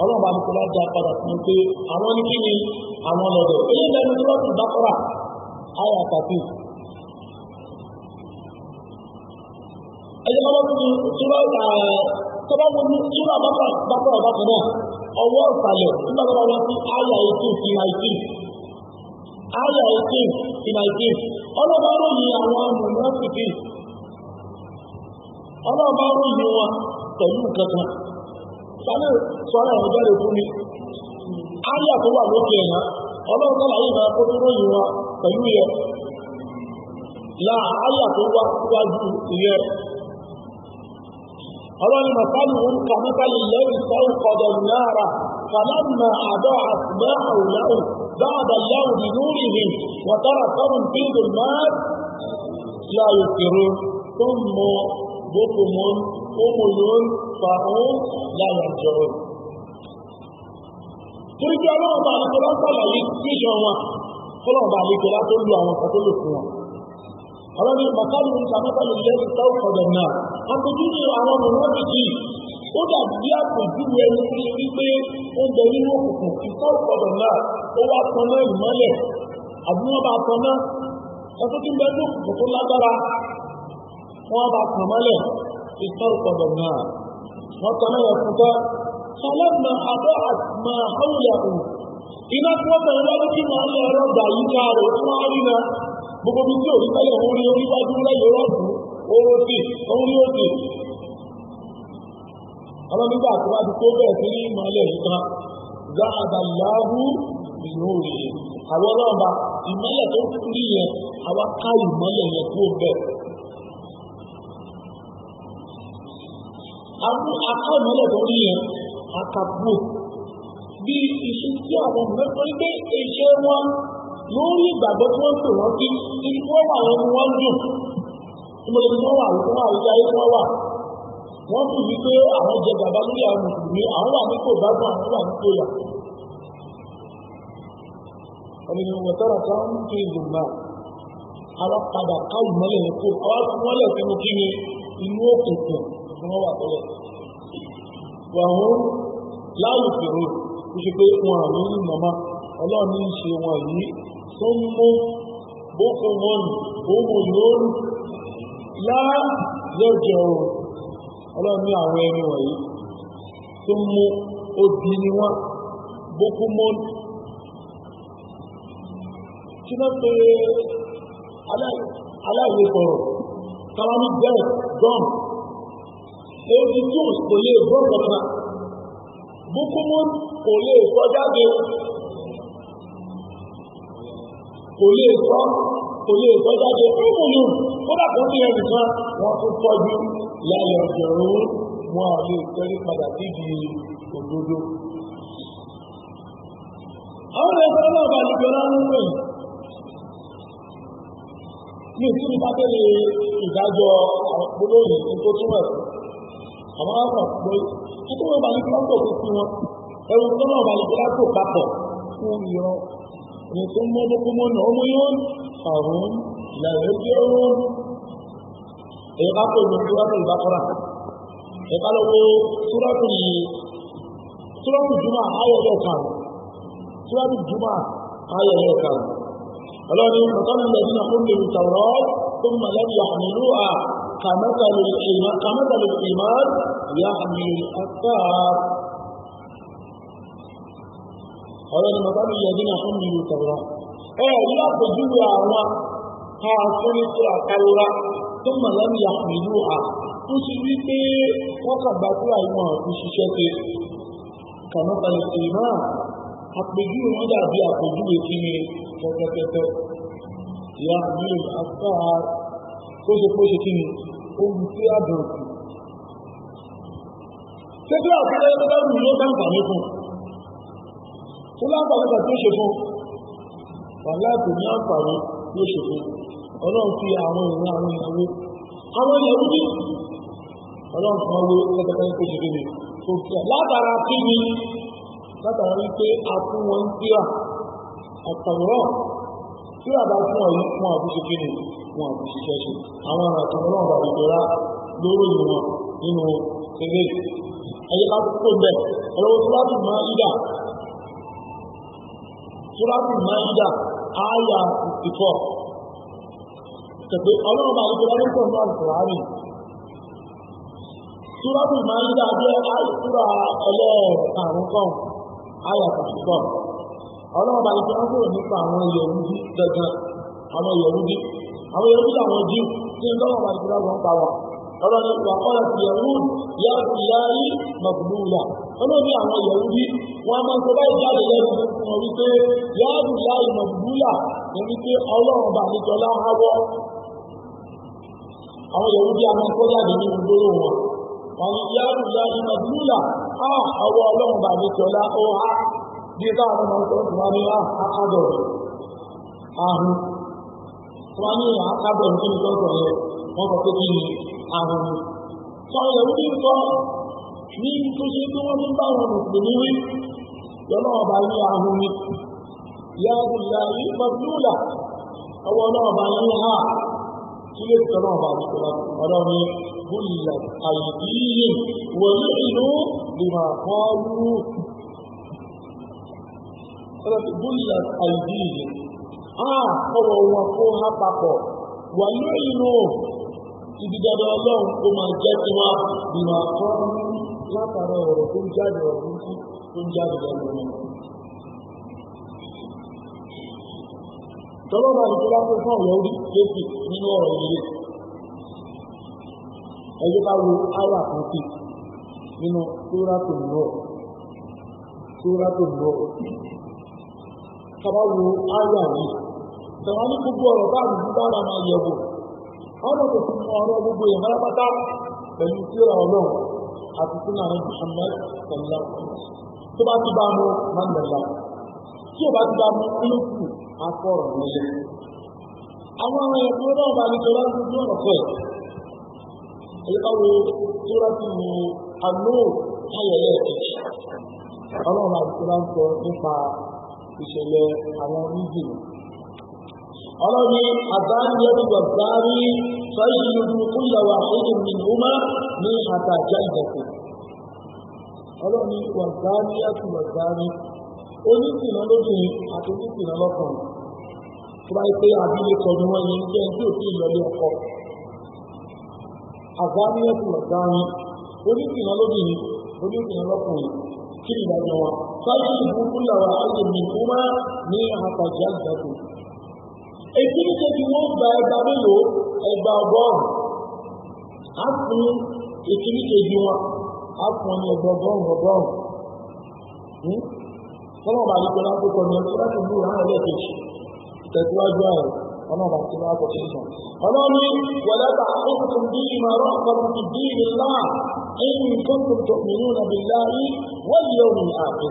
Ọlọ́run bá ní kí wọ́n já padà fún pé àwọn ní kí ni àwọn lọ́dọ̀. Eléyìí lẹ́nu tí ti bá kọ́ra. Ayọ̀ àtàkùn. ẹni bá wọ́n fi túbọ̀ tọ́ba mo ní túbọ̀ bàbà bàbà bàbà náà ọwọ́ ìsàlẹ̀ nígbà tó bá wọ́n fi àyà ètò sí àìsí àyà ètò sí àìsí ọlọ́ba ròyìn àwọn amòmọ́sìkì ọlọ́ba ròyìn wọn pẹ̀lú kankan sálẹ̀ sọ́ra ẹ̀rọ jáde fún mi àyà tó wà lókè ẹ̀yà ọlọ́run náà yìí máa kó tó ròyìn wọn pẹ̀lú yẹ láà àyà tó wá síwájú ìyẹn ọlọ́run màtàlù ń kà nípa ilẹ̀ ìsọ̀rọ̀ kọ̀dọ̀ náírà kàlámà àdọ́ àtúbẹ́ àwòyáwò بعد اللون نورهم وتركهم في ظلمات لا يبصرون ثم بكم أمي فهم لا يرجعون torí pé ọlọ́run bá àlejò lọ́pọ̀ àlàyé kíjọ wọn ọlọ́run bá àlejò látó lu àwọn kan tó lò fún wọn àwọn ní màkàlù ní kàmọ́tàlù lẹ́yìn tó kọ̀dọ̀ náà àpèjúwe àwọn mọ̀lọ́bì yìí ó dàbí àpèjúwe ẹni tí wípé ó ń bẹ nínú òkùnkùn tí tó kọ̀dọ̀ náà ó wá tan náà ìmọ́lẹ̀ àbí wọ́n bá tan náà ẹ̀fọ́ tí ń bẹ ní òkùnkùn tó lágbára wọ́n bá tan mọ́lẹ̀ tí tó kọ̀dọ̀ náà wọ́n tan náà ẹ̀fọ́ tán sọlọ́nà àbọ̀ àtìmọ̀ àwùlẹ̀ òun iná tí wọ́n tẹ̀ wọ́n lọ́dún kí wọ́n lọ ẹ̀rọ gbogbo bí tí òrí tẹ́lẹ̀ òun rí oríwájú lẹ́yìn rọ́ọ̀tún oró sí òun rí òsì ọlọ́nígbà tó bá ti tó bẹ̀rẹ̀ sí ní ìmọ̀lẹ̀ ìta záàdà ìyáhú ìlú rẹ̀ àwọn ọlọ́ọ̀bà ìmọ̀lẹ̀ tó kú rí yẹn àwa ká ìmọ̀lẹ̀ yẹn kú bẹ̀ àwọn aká ìmọ̀lẹ̀ tó rí yẹn akàbò bí iṣu tí àwọn mẹ́fọ́ ilé iṣẹ́ wọn lórí ìgbàgbọ́ tí wọ́n pè wọ́n sí ibi tí wọ́n wà wọn ni wọ́n dùn tí mo lè fi wọ́n wà wọ́n wà lórí ayé tí wọ́n wà wọ́n sì wí pé àwọn jẹ gàba lórí àwọn mùsùlùmí àwọn wà nípò gbádùn àwọn wà nípò yà ọmọnìyàn wọ̀ sára tó ń fi ìgbòmà àwọn padà káwù mọ́lẹ̀ ní kó àwọn tí wọ́n lẹ̀ sínú kí ni inú òkùnkùn tí wọ́n wà tẹ́lẹ̀ wọ́n láàyè fèrè ó ṣe pé wọn àmì ń mọ̀mọ́ ọlọ́run ní í ṣe wọn yìí صم بكم هم النور لا يرجعون ọlọ́run ní àwọn ẹni wọ̀nyí tó mú obì ni wọn bókúmọ́ tí wọ́n pe aláìwé sọ̀rọ̀ kalami bẹ́ẹ̀ gọ́m èyí tí kò kò lè sọ kò lè sọ jáde fúnmùnù kódà kò ní ẹnì kan wọn tún tọ́jú lálẹ́ ọ̀jọ̀rún wọn ò lè tẹ́rí padà síbi òdodo. àwọn ẹ̀fọ́ náà bá lè gbẹ́rẹ́ ń pè ní ìtumí pátẹ́lẹ̀ ìdájọ́ àwọn gbólóyìn tó túmọ̀ sí àwọn àwọn àpò ìtumọ̀ bá lè gbẹ́rẹ́ ń pè sí wọn ẹ̀rù tó náà bá lè gbẹ́rẹ́ pè papọ̀ fún ìran ثم بكم عمي فهم لا يرجعون ẹ̀ka pé ìlú ìwà ní ìbákọ́ra ẹ̀ka lọ pé túrọ́pù yìí túrọ́pù jùmọ̀ ayẹyẹ kan túrọ́pù jùmọ̀ ayẹyẹ kan ọlọ́ni mọ̀tọ́nà lẹ́yìn náà fún mi ìtàwọ́ fún mọ̀lẹ́bí àmìlú à kàmẹ́tàlì ìmọ̀ yàmì àtàrà ọ̀rọ̀ ni màbá mi yẹ nínú fún mi ìtọ̀rọ̀ ẹ rí àpèjúwe àwọn ká fún ní sí àkàlùra tó mọ̀ lẹ́nu yàtọ̀ ìlú à tó ti rí pé wọ́n kàgbà tó àìmọ̀ ọ̀tún ṣiṣẹ́ ṣe kàmọ́ pàlẹ́sì náà àpèjúwe wọn dàbí àpèjúwe kí ni pẹ́pẹ́pẹ́pẹ́ ìyá mi àtọ́ a kí ni ohun tí a dùn kù. Ṣé bí tó bá wù ló bá ń ní fún un? tó láǹfààní kan tí ó ṣe fún wàhálà kò ní àǹfààní tí ó ṣe fún ọlọ́run fi àwọn ìran àwọn ìyàwó àwọn ìyàwó ní ọlọ́run kan wé lẹ́gbẹ̀ẹ́ tó ṣe kéde tó fi látara kí ni látara wípé a fún wọn tíra àtàwòrán tíra bá fún ọ̀yí wọn àbúṣe kéde wọn àbúṣe ṣẹ́ṣe àwọn ọ̀nà àtàwòrán bá ìjọra lórí ìwọ̀n nínú eré ẹ̀yẹ́ ká tó bẹ̀ ọ̀rọ̀ tó bá dùn mọ́ ìdá Súrátù Máídà áyà 54. Tẹ̀pẹ́ ọlọ́run bá ìjọba ní sọ̀rọ̀ àlùkùránì. Súrátù Máídà jẹ́ àìsúra ẹlẹ́ẹ̀karùn kan áyà 54. Ọlọ́run bá ìjọba ń sọ̀rọ̀ nípa àwọn Yẹ̀wúdí gangan, àwọn Yẹ̀wúdí. Àwọn Yẹ̀wúdí àwọn Jíù tí ń dọ́wọ́ bá ìjọba ń pa wọn. Ọlọ́run ìgbà kọ́lá ti Yẹ̀wúdí yá olóòní àwọn yẹ̀wúdí wọn máa ń sọ báyìí jáde lẹ́nu fún wọn wípé yáàbù ya ìmọ̀dúdúlà ní wípé ọlọ́run bá ní jọlá áwọ́ àwọn yẹ̀wúdí a máa ń kó jáde ní ìgboro wọn wọn ni yáàbù ya ìmọ̀dúdúlà á ọwọ́ ọlọ́run bá ní jọlá ó há bí táwọn máa ń sọ fún wọn ní àádọ́ àrùn wọn ní àádọ́ nínú ìtọ́jú ọ̀rẹ́ wọn sọ pé kí ni àrùn sọ yẹ̀wúdí sọ ní tó ṣe pé wọ́n ti bá wọn mùsùlùmí wí lọ́nà ọba ní ahun ni ìyá ìyá yìí pàtúlà ọwọ́ náà bá ní ha kí lè tọ́ náà bá tó lọ ọ̀rọ̀ ni bùlà àìdíyè wọ̀nyí ìlú lèmà kọ́ọ̀lù bùlà àìdíyè a ọwọ́ wọn kó ha papọ̀ wọ̀nyí ìlú ìdíjọba ọlọ́run kó máa jẹ́ tiwa lèmà kọ́ọ̀lù látara ọ̀rọ̀ tó ń jáde ọ̀rọ̀ tí tó ń jáde lẹ́nu wọn. Tọ́lọ́rọ̀ àti láti fún ọ̀rọ̀ orí kéèkì nínú ọ̀rọ̀ ilé. Ẹjọ́ bá wo áwà kan sí nínú Sóràtò Nọ́. Sóràtò Nọ́. Tọ́lá wo áwà yìí. Tọ́lá ní gbogbo ọ̀rọ̀ bá àrùn bá ara máa yẹ̀wò. Ọ̀rọ̀ kò fún ọ̀rọ̀ gbogbo ìmọ̀lápátá pẹ̀lú síra ọlọ́run àti sínú àwọn Muhammad sọlá tó bá ti bá mú mandela tí o bá ti bá mú kílókù akọrọ nílẹ̀. àwọn àwọn ẹ̀kọ́ náà bá ní tọ́lá ní ojú ọ̀nà fẹ́ ẹ̀yẹ́ bá wo tọ́lá ti mú àlọ́ ayẹyẹ ẹ̀kẹ́ ọlọ́run àti tọ́lá ń sọ nípa ìṣẹ̀lẹ̀ àwọn oníjìnlẹ̀ ọlọ́ni àbáni ẹ̀dùgbọ̀ gbárí fẹ́yìnlú kúlọ̀wà ẹ̀yìn nìhúmá ní àtàjá ìdẹ̀kù ọlọ́ni wà gbárí ẹ̀dùgbọ̀ gbárí onísìnà lóbìnrin àti onísìnà lọ́kùnrin tó bá pé àbílẹ̀kọ ni wọ́n yẹn jẹ́ tí ò tí ì lọlé ọkọ àgbárí ẹ̀dùgbọ̀ gbárí onísìnà lóbìnrin onísìnà lọ́kùnrin kí ni ìdájọ́ wa fẹ́yìnlú kúlọ̀wà ẹ̀yìn nìhúmá ní àtàjá ìdẹ̀kù èyí ní kejì wọn gba ẹgbàá mélòó ẹgbàá ọgọ́rùn á fún èyí ní kejì wọn á fún ẹni ẹgbàá ọgọ́rùn ọgọ́rùn tọ́lọ́ bá yí pẹ̀lú àkókò ní ẹgbẹ́ láti bú ìhàn ẹlẹ́ẹ̀kejì tẹ̀síwájú ààrẹ ọlọ́run bá ti máa kọ̀ sí sàn. ọlọ́run wọ̀lẹ́ta ọkùnrin bí ìmọ̀ràn ọkùnrin ti bí ìlà ẹ̀yìn kọ́kùnrin tó mìíràn nàbí láàyè wọ́n yẹ òun àpèrè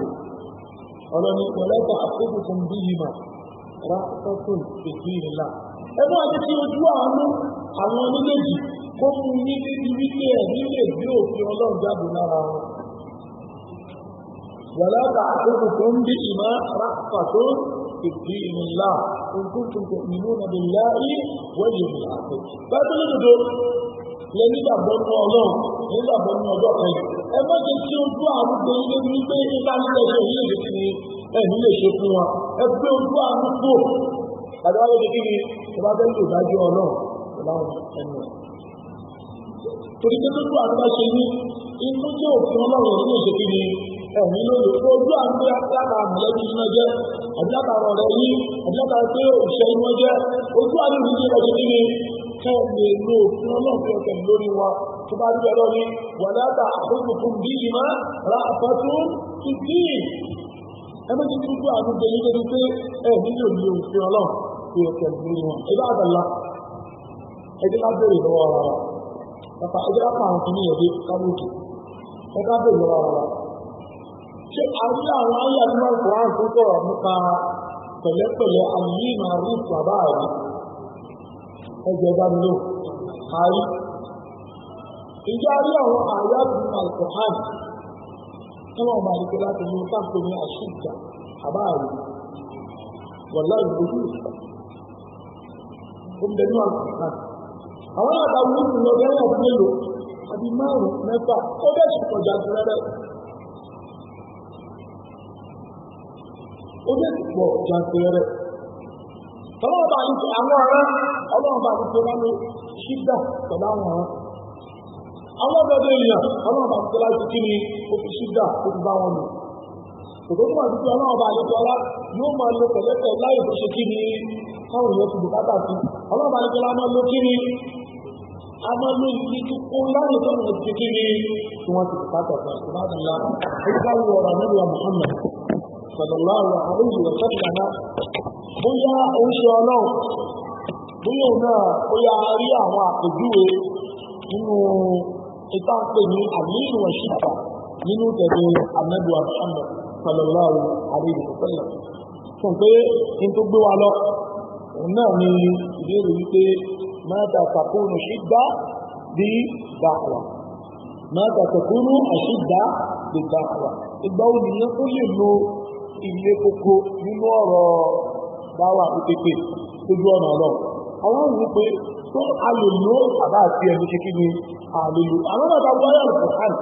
ọlọ́run wọ̀lẹ́ta ọkùnrin bí ìmọ̀ràn rákọ́tún ìdí ìlà. Ẹgbẹ́ àti tí ojú àánú àwọn onílẹ̀jì kó mú ní níbi wípé ẹ̀mí lè gbé òfin ọlọ́run jáde lára wọn. Wàlá ta àkókò tó ń bí ìmọ̀ rákọ́tún ìdí ìlà. Òǹkùnkùn kò nínú nàbí láì wọ́yẹ̀ ìlú àpò. Bẹ́ẹ̀ tó lódodo lẹ nígbàgbọ́ ní ọlọ́run nígbàgbọ́ ní ọjọ́ kan. Ẹ má jẹ́ kí ojú àánú gbé ilé wípé ìdánilẹ́sẹ̀ yìí lè fi ẹ ní lè ṣe fún wa ẹ pé ojú àánú kú àdáwáyé ni kí ni ìbá bẹ́ẹ̀ lò dájú ọlọ́run láwọn ẹnu ẹ̀. torí pé tójú àánú bá ṣe ní inú tí òfin ọlọ́run ní lè ṣe kí ni ẹ̀mí lóde pé ojú àánú látara mọ̀lẹ́bí iná jẹ́ àbí látara ọ̀rẹ́ yìí àbí látara pé òṣìṣẹ́ iná jẹ́ ojú àánú ṣe kí ni kẹ́ lè ọlọ́run fi ọkẹ̀ lórí wa ẹgbẹ́ tí tún tó àwọn obìnrin lórí pé ẹ nílò ní òfin ọlọ́run fi ẹ̀kẹ́ ní wọn ẹgbẹ́ àgbàlá ẹgbẹ́ lábẹ́rẹ̀ lọ́wọ́ ara wa pàpà ẹgbẹ́ lápá àwọn kìíní ẹ̀dẹ́ kábòkì ẹgbẹ́ lábẹ́rẹ̀ lọ́wọ́ ara wa ṣé àrí àwọn ayé àdúrà ìkùrán tó sọ̀rọ̀ nípa pẹ̀lẹ́pẹ̀lẹ́ ayé máa rí ìtàbá rẹ̀ ẹgbẹ́ dánilò àrí ìjọ àrí àwọn àyà àdúrà ìkùrán kílọ̀ máa rí pé láti mú táǹkó ní àṣìjà àbáàrí wọ̀lá ìgbòjú ó ń bẹ ní àgbà náà àwọn àgbà wúlò ní ọjọ́ náà fún èlò àbí márùn mẹ́fà ó bẹ̀ sì pọ̀ jàǹtìrẹ́rẹ́ ó bẹ̀ sì pọ̀ jàǹtìrẹ́rẹ́ ọlọ́run bá ní àwọn ọ̀rẹ́ ọlọ́run bá ní wọ́n ní ṣígbà pẹ̀lú àwọn ọ̀rẹ́ alọ́dọ̀dọ̀ èèyàn ọlọ́ọ̀bà tó láti kí ni ó fi ṣúgà tó ti bá wọn lò òdòdó àti tí ọlọ́ọ̀bà àdéjọlá yóò máa lo pẹ̀lẹ́pẹ̀ láì tó ṣe kí ni káwọn èèyàn ti bùkátà sí ọlọ́ọ̀bà àdéjọlá máa lo kí ni a máa lo ìdí tó kó láì tó wọn ti kí ni tí wọ́n ti bùkátà sí ìbádàlá ìgbà wo ọ̀rọ̀ nílùú Muhammad sallallahu alaihi wa sallam bóyá oúnjẹ ọlọ́run bóyá òun náà bóyá rí àwọn àpèjúwe nínú ìta ń pè ní àmínú ọ̀ṣìṣà nínú tẹ̀lé anábìwá Muhammad sallallahu alayhi wa sallam fún pé n tó gbé wa lọ òun náà ni ìbéèrè wípé mẹ́ta takunu ṣídá bí dáhùwà mẹ́ta takunu àṣídá bí dáhùwà ìgbà wo nìyẹn tó lè lo ilé koko nínú ọ̀rọ̀ dáwà pípépé lójú ọ̀nà ọlọ́run àwọn òun wípé ṣé a lè àbá àti ẹnu ṣe kí ni a lè lo àwọn bàbá wáyà lọ́pọ̀ hàn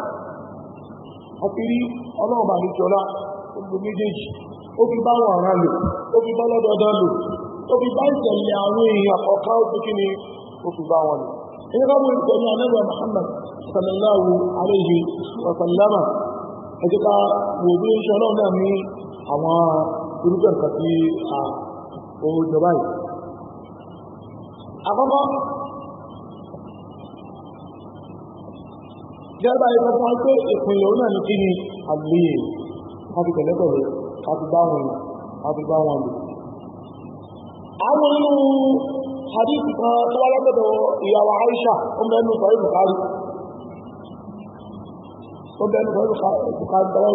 àti rí ọlọ́ọ̀bà ní jọlá gbogbo méjèèjì ó fi bá wọn ara lò ó fi bá lọ́dọọdọ lò ó fi bá ìtẹ̀lẹ̀ àwọn èèyàn kọ̀ọ̀kan ó kí ni ó fi bá wọn lò ẹni ká wọ́n ìtẹ̀lẹ̀ anábẹ́ Muhammad sallallahu alayhi wa sallama ẹjẹ́ ká wò bí ó ń ṣe ọlọ́run náà ní àwọn irúfẹ́ nǹkan tí àkọ́kọ́ gẹ́gbà ìfẹ́ fún pé ìpínlẹ̀ òun náà ní kí ni àgbéyè láti tẹ̀lẹ́tọ̀lẹ́ láti bá wọn láti bá wọn lò àwọn nínú hadith kan tó wá lọ́gbọ̀dọ̀ ìyàwó Aisha ó mẹ́nu sọ̀rọ̀ Bukhari ó mẹ́nu sọ̀rọ̀ Bukhari tọ́wọ́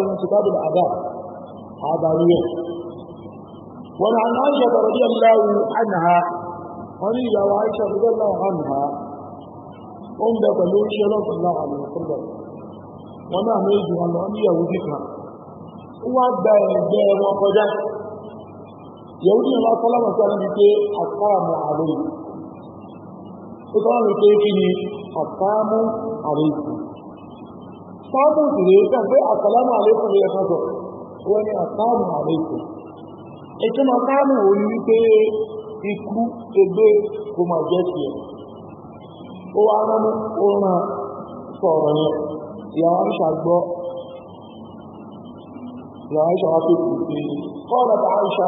ìrìn wọ́n ní ìyàwó aisha rẹ̀ lọ́wọ́ àmà ó ń bẹ pẹ̀lú iṣẹ́ lọ́sọ̀lá àlùkùnlọ̀ wọn náà méjì wọn lọ ní ìyàwó kíkà ó wá gba ẹ̀gbẹ́ wọn kọjá ìyàwó ní ìlà sọ́lámà sọ́ra ní pé àfáàmù àrùn ó sọ́ra ní pé kí ni àfáàmù àrùn sáàmù sì rèé pé àsàlámù àlékún rẹ̀ kan sọ wọ́n ní àfáàmù àrùn ìtumọ̀ sáàmù òní wípé ikú ebe kò máa jẹ́ tiẹ̀ ó wá rán ó rán sọ̀rọ̀ yẹn ìyàwó àṣà gbọ́ ìyàwó àṣà wá pé kò pé kọ́ọ̀dà bá àṣà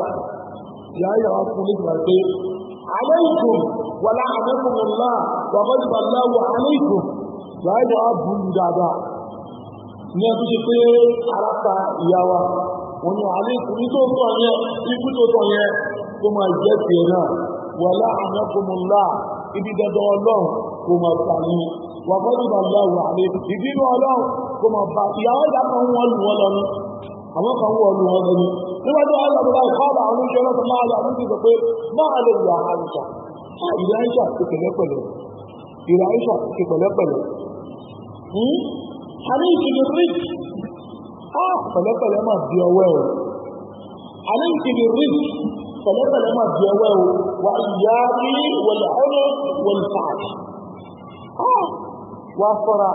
ìyàwó àṣà wá fún nígbà pé aleikum wàlá a, wàbọ̀dìbà láwọ̀ aleikum ìyàwó àṣà wá bù ú dáadáa ní ẹbí ṣe pé aráta ní tó kó máa jẹ́ tiẹ̀ náà wàlá ànákùnmùlá ibi dandan ọlọ́run kó máa ta ní wàkọ́lù bàbá wà ní ìbínú ọlọ́run kó máa bá ìyàwó ìyá kan wọ́n lù wọ́n lọ ní àwọn kan wọ́n lù wọ́n lọ ní níwájú àwọn àgbàdo báyìí kọ́ àwọn oníṣẹ́ ọlọ́sọ máa lọ àwọn oníṣẹ́ pé hmm? ah! máa lè yà àìsà ìlà àìsà ti pẹ̀lẹ́ pẹ̀lẹ́ ìlà àìsà ti pẹ̀lẹ́ pẹ̀lẹ́ àní ìṣèlú rí pẹ̀lẹ́pẹ̀lẹ́ máa di ọwọ́ ẹ̀wọ̀ wà ìyá rí wọlé ọ̀rọ̀ wọlé fàájì. wà á fọ́ra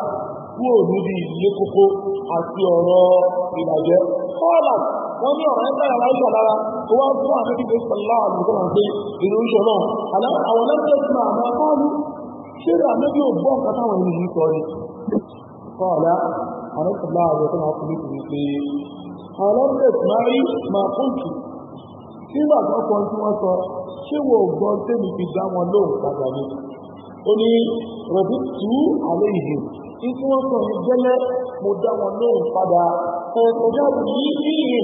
kúrò níbi ilé kókó àti ọ̀rọ̀ ìlàjẹ́. kọ́ọ̀là wọ́n ní ọ̀rọ̀ ẹ̀ka ìlà ìṣọ̀ lára tó wá fún àtẹ́kẹ́kẹ́ sọ̀lá àdúgbò náà pé ìlú ìṣọ̀ náà àlọ́ àwọn ẹlẹ́sẹ̀ tí máa máa kọ́ ní ṣé ìlà méjì ò gbọ́ nǹkan táwọn ènìyàn yìí sọ ni. àwọn ẹlẹ́sẹ̀ láàrọ̀ tó pé àwọn ẹlẹ́sẹ̀ máa rí máa fún kìí nígbà tó kọ tí wọ́n sọ ṣé wo gbọ́ tẹ́lẹ̀ fi dá wọn lóhùn padà ni ó ní rọ̀bí tú àlẹ́ ìlú ní tí wọ́n sọ ní gẹ́lẹ́ mo dá wọn lóhùn padà ọ̀rọ̀dá yìí níyì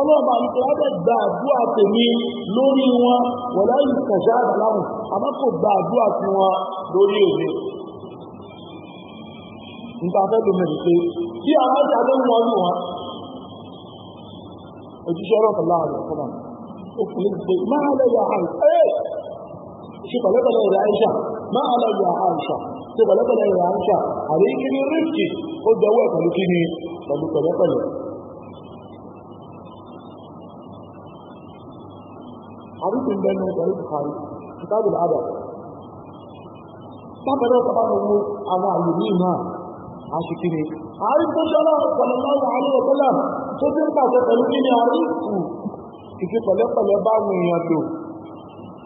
ọlọ́ọ̀bà ní ọ̀rọ̀dá gba àdúrà tèmi lórí wọn wọ̀lá yìí kọ̀ṣá àdáláhùn àmọ́ kò gba àdúrà tí wọn lórí òde nípa fẹ́ ló mẹ́rin pé bí àwọn ọjà ló ń lọ lù wọn ojúṣe ọlọ́ọ̀tọ̀ اخلص بي ما علي يا عائشة ايه شو طلب لي يا عائشة ما علي يا عائشة شو طلب لي يا عائشة عليك برفق قد دواك لكني قالوا طلب لي حديث بين صحيح البخاري كتاب الادب كتاب الادب طبعا هو على يمينها عاشقين عارف ما شاء الله صلى الله عليه وسلم تذكر تقولين عارف ìfi pẹ̀lẹ́pẹ̀lẹ́ bá rùn èèyàn lò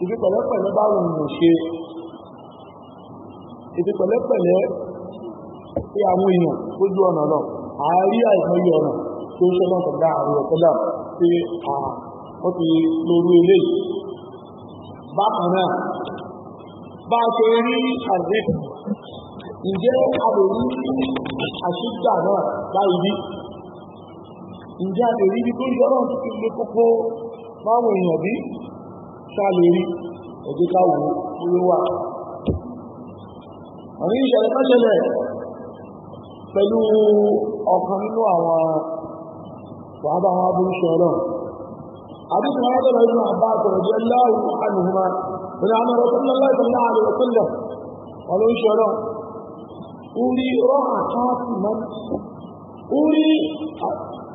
ìfi pẹ̀lẹ́pẹ̀lẹ́ bá rùn èèyàn ṣe ìfi pẹ̀lẹ́pẹ̀lẹ́ pé àwọn èèyàn lójú ọ̀nà náà àárí àìmọye ọ̀nà tó ń ṣọ́nà tọ̀dá àrùn ọ̀tọ́dà pé wọ́n ti lórí eléyìí bákan náà bá ṣe rí àdéhùn ǹjẹ́ a lè rí àṣígbà náà báyìí ǹjẹ́ a lè rí ibi tó yọ náà ti lé kókó máwọn èèyàn bí ṣá lè rí ẹ̀jẹ̀ ká wò ó ló wà. àmì ìṣẹ̀lẹ̀ mẹ́ṣẹ̀lẹ̀ pẹ̀lú ọ̀kan nínú àwọn wàhálà àwọn abúrúṣọ náà. حديث هذا ابن عباس رضي الله عنهما من عمر رسول الله صلى الله عليه وسلم قالوا ان شاء الله أولي رعى كافي من أولي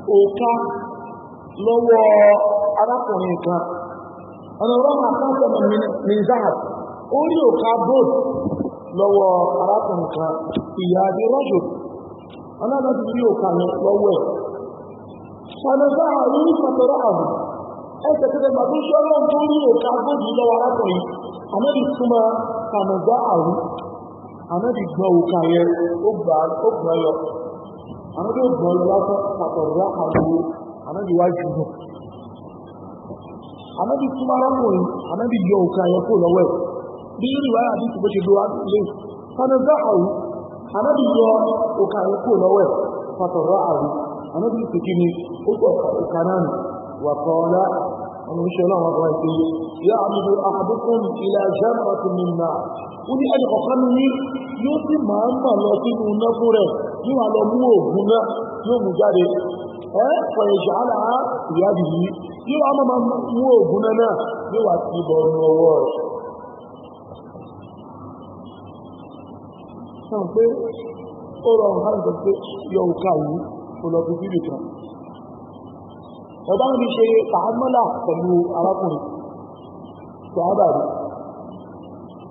Oka lọwọ arákùnrin ọnọdụ ọ̀nà ọlọ́run àkáǹtọ̀nà mizahab ó rí òka bóòd lọ́wọ́ arákùnrin kan ìyá adé rọ́jò ọlọ́run ti rí òka yẹn lọ́wọ́ ẹ̀ ahụ àrùn ìfọ̀tọ̀rọ̀ àrùn ẹsẹ̀ àwọn tó bọ̀ lọ lásán pàtọ̀ bọ́ àwọn ànábì wá jù hàn ànábì túmọ̀ arákùnrin ànábì yọ òkè àyẹ̀kó lọ́wọ́ ẹ̀ bí ìwà àbí tí bó ṣe lọ́wọ́ lé fanazá àwọn ànábì yọ òkè àyẹ̀kó lọ́wọ́ ẹ̀ pàtọ̀ bọ́ àwọn ànábì tó kí ni ó tọ̀ òkè náà wà kọ́ ọ́lá ọmọ ìṣẹ́ ọlọ́run ọgbà ìpè yá àmìdò àbúkún ilẹ̀ àjẹ́mọ̀ tó ní nà ó ní ẹnì kọ̀ọ̀kan yóò sì máa ń lọ sínú náà fún yóò wà lọ mú òògùn náà yóò mú jáde ẹ́ pẹ̀lẹ̀ṣẹ̀ àlà ìyájú yìí yóò wà máa mú òògùn náà náà yóò wà sí ibọ̀ ọ̀nà ọwọ́ rẹ̀ sàn pé ó rọrùn láti sọ pé yọ òkà yìí ó bí bíbì kan ń fi ṣe tààmọ́là pẹ̀lú arákùnrin tààbà rẹ̀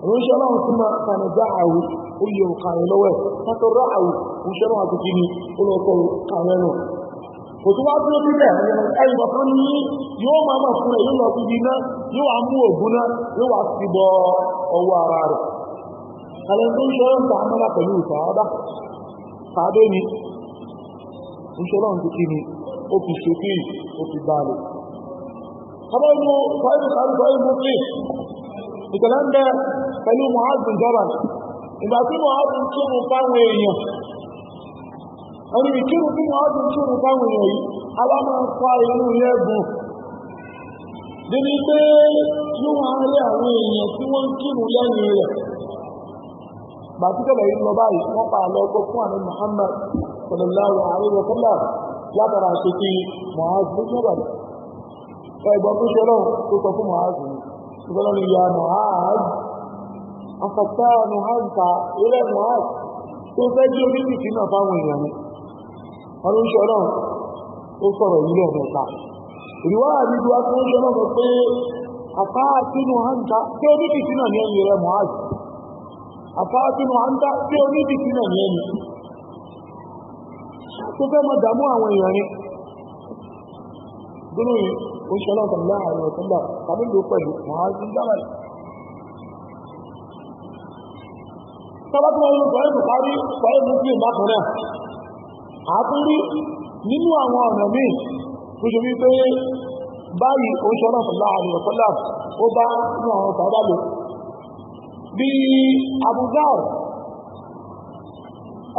òun ṣe ọlọ́run súnmọ́ sanadá àwùjọ ó yẹ òkà rẹ̀ lọ́wọ́ ẹ̀ pátọ́ rá àwò òṣẹ́ náà àti kìíní ó lọ sọ òkà rẹ̀ nù kò tó wá dúró sílẹ̀ ẹ̀yìn bọ̀ tó ní yóò máa mọ̀ fún ẹ̀ yóò lọ síbi iná yóò wá mú ògùn náà yóò wá sí bọ ọwọ́ ara rẹ̀ kàlẹ́ tó ń ṣe ọ́n ta àmọ́lá pẹ̀lú ìfàwọ́dá tàbí ni ń ṣe ọ́n ti kìíní ó fi ṣòkè ó fi balẹ̀ kọ́bọ̀ inú sọ́yìn sọ́yìn mú ìgbà tí wọ́n á dùn kírun fáwọn èèyàn ẹni ìkírun tí wọ́n á dùn kírun fáwọn èèyàn yìí alámọ̀ ń fa inú yẹ́gùn débi rí àwọn èèyàn tí wọ́n ń kírun lẹ́yìn rẹ̀ yìí lọ báyìí wọ́n pa àlọ́ Muhammad àṣekí ló ẹgbọ́n tó ṣe lọ́wọ́ tó sọ fún ya afọ̀tánu hàǹkà ilẹ̀ mohamed tó fẹ́ jí orí ìfì náà fáwọn èèyàn ni ọdún ṣe ọlọ́run ó sọ̀rọ̀ ilẹ̀ mẹ́ta ìrìwá àrídù akọ́ṣẹ́ náà sọ pé afáàtínú hàǹkà tí ó ní ìfì náà ní ẹni rẹ̀ mohamed afáàtínú hàǹkà tí ó ní ìfì náà ní ẹni tó fẹ́ mọ dàmú àwọn èèyàn ni gbóná yìí ó ṣe ọlọ́run tàbí láàrin ọ̀tọ́gbà tàbí lò pẹ̀lú mohamed ń dára yìí tọ́lá tó wọ́n ló sọ ẹ̀sùn parí pẹ̀lú muslim bákan náà àtúrí nínú àwọn ọ̀nà míì tó ṣe wípé báyìí ó ṣe ọ̀nà fún láàrin ọ̀pọ̀lá ó bá nínú àwọn ọ̀pọ̀lá lò bí abúgáàr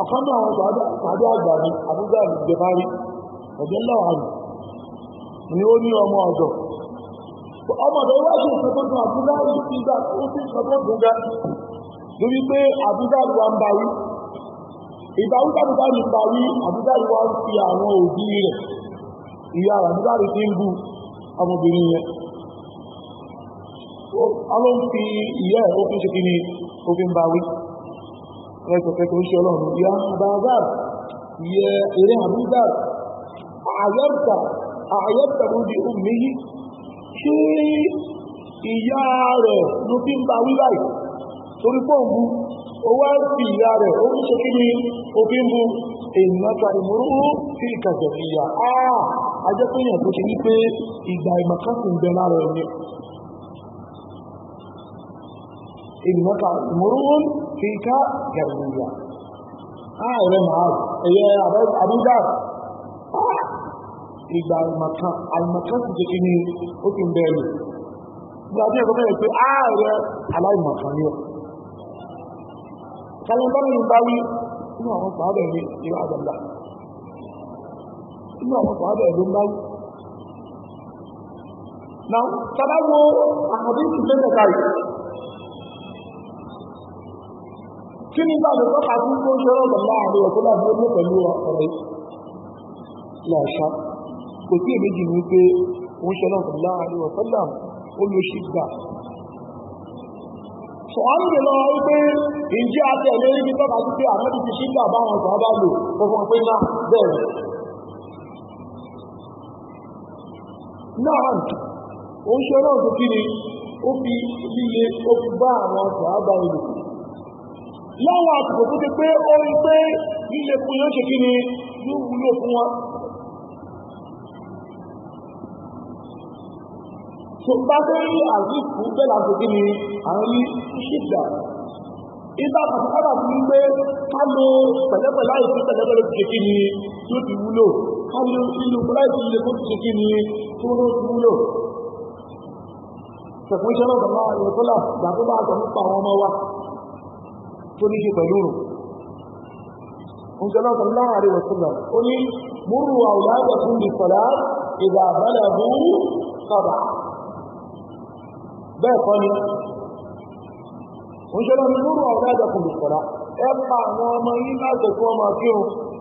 ọ̀kan náà àwọn ìpàdé àgbà ní abúgáàr gbẹ̀fárí ọ̀jẹ́ ni ó ní ọmọ ọ̀dọ̀ lórí pé àbúdáàrí wa ń báyí ìgbà àbúdáàrí ń báyí àbúdáàrí wa ń fi àwọn òbí rẹ̀ ìyá àbúdáàrí tí ń bú ọmọbìnrin yẹn ọlọ́ ń fi ìyá ẹ̀ ó fi ṣe kíni ó fi ń báyí rẹ̀kọ̀kẹ́ tó ń ṣe ọlọ́run ìyá àbúdáàrí yẹ eré àbúdáàrí àyẹ́bùtà àyẹ́bùtà ló di òmìnirí ṣé ìyá rẹ̀ ló fi ń báyí báyìí torí pọ́ǹbù ó wá ń fi ìyá rẹ̀ ó ń ṣe kí ni òfin bu ènìyàn tàbí mọ́rú sí ìkàjẹ̀ ìyá áà ajẹ́pẹ̀yàn tó ṣe wípé ìgbà ìmọ̀kánsì ń bẹ lára ẹni ènìyàn tàbí mọ́rú sí ìkàjẹ̀ ìyá áà rẹ̀ máa ẹ̀yẹ àbúgbà ìgbà àìmọ̀kánsì ṣe kí ni ó ti ń bẹ̀rẹ̀ pé áà rẹ̀ aláìmọ̀kán sani bẹ́ẹ̀ ni bá wí inú àwọn sàábẹ̀ ní ìwà àgbàlá inú àwọn sàábẹ̀ ló ń bá wí. na sábà wo àkàdéjì mẹ́tẹ̀ẹ̀ta yìí kí ni bá mi tọ́ka sí kó ṣe ọ̀rọ̀ láàrin ọ̀tọ́ láti ọdún pẹ̀lú ọ̀rẹ́ lọ́ọ̀ṣá kò sí èméjì ní pé òun ṣe ọ̀rọ̀ láàrin ọ̀tọ́ láàrin ó lè ṣe gbà sọ̀rọ̀ lè lọ́wọ́ wípé ìjẹ́ àti ẹ̀lẹ́ ibi tọ́ka sí pé àmọ́ ti ṣí gbà báwọn ọ̀sán bá lò fọ́fọ́ pé náà bẹ́ẹ̀. náà ó ń ṣe náà tó kí ni ó fi líle ó fi bá àwọn ọ̀sán bá lò. láwọn àsìkò tó ti pé ó rí pé líle fún yóò ṣe kí ni yóò wúlò fún wọn. tó bá fẹ́ rí àríkù bẹ́ẹ̀ láti kí ni àárí ṣídà ìgbà pàtàkì fún pé ká lo pẹ̀lẹ́pẹ̀lẹ́ láìsí pẹ̀lẹ́pẹ̀lẹ́ ti ṣe kí ni tó ti wúlò ká lo ìlú láìsí ilé tó ti ṣe kí ni tó ti wúlò sẹ̀kún iṣẹ́ náà tọ́lá àwọn ìrọ̀tọ́lá ìgbà tó bá àtọ̀ nípa àwọn ọmọ wa tó ní ṣe pẹ̀lú rùn انزل الله عليه وسلم قل مروا اولادكم بالصلاه اذا بلغوا سبعه ده قال òṣèlú mi lóru ọ̀rọ̀ àjọkùn ìṣọ̀rá ẹ pa àwọn ọmọ yín láti fún ọmọ kí o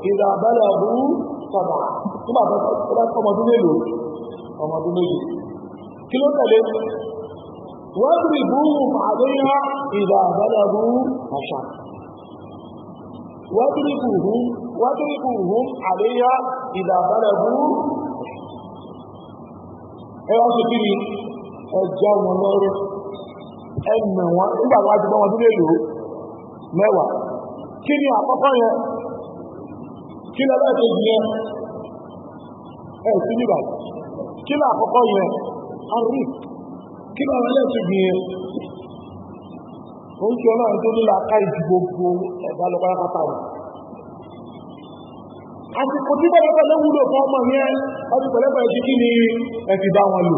ìlà àbálẹ̀ ọ̀hún sọ̀dà nígbà tó bá ọmọ ọdún mélòó ọmọ ọdún méjì kí ló tẹ̀lé wọ́n ti búrú àríyá ìlà àbálẹ̀ ọ̀hún ọ̀ṣà wọ́n ti búrú àríyá ìlà àbálẹ̀ ọ̀hún ẹ wá sí kí ni ẹjọ́ wọn lọ́rùn ẹnà wọn nígbà tó wá ti bọ́ wọn tó lè lò mẹ́wàá kí ni àkọ́kọ́ yẹn kí lọ́lọ́ ìkejì yẹn ẹ̀ sí nígbà kí àkọ́kọ́ yẹn kí yẹn ń tó gbogbo ẹ̀dá lọ pátápátá rẹ̀ àsìkò tí wúlò fún ọmọ yẹn ọdún pẹ̀lẹ́pẹ̀lẹ́ ti kí ni ẹ ti bá wọn lò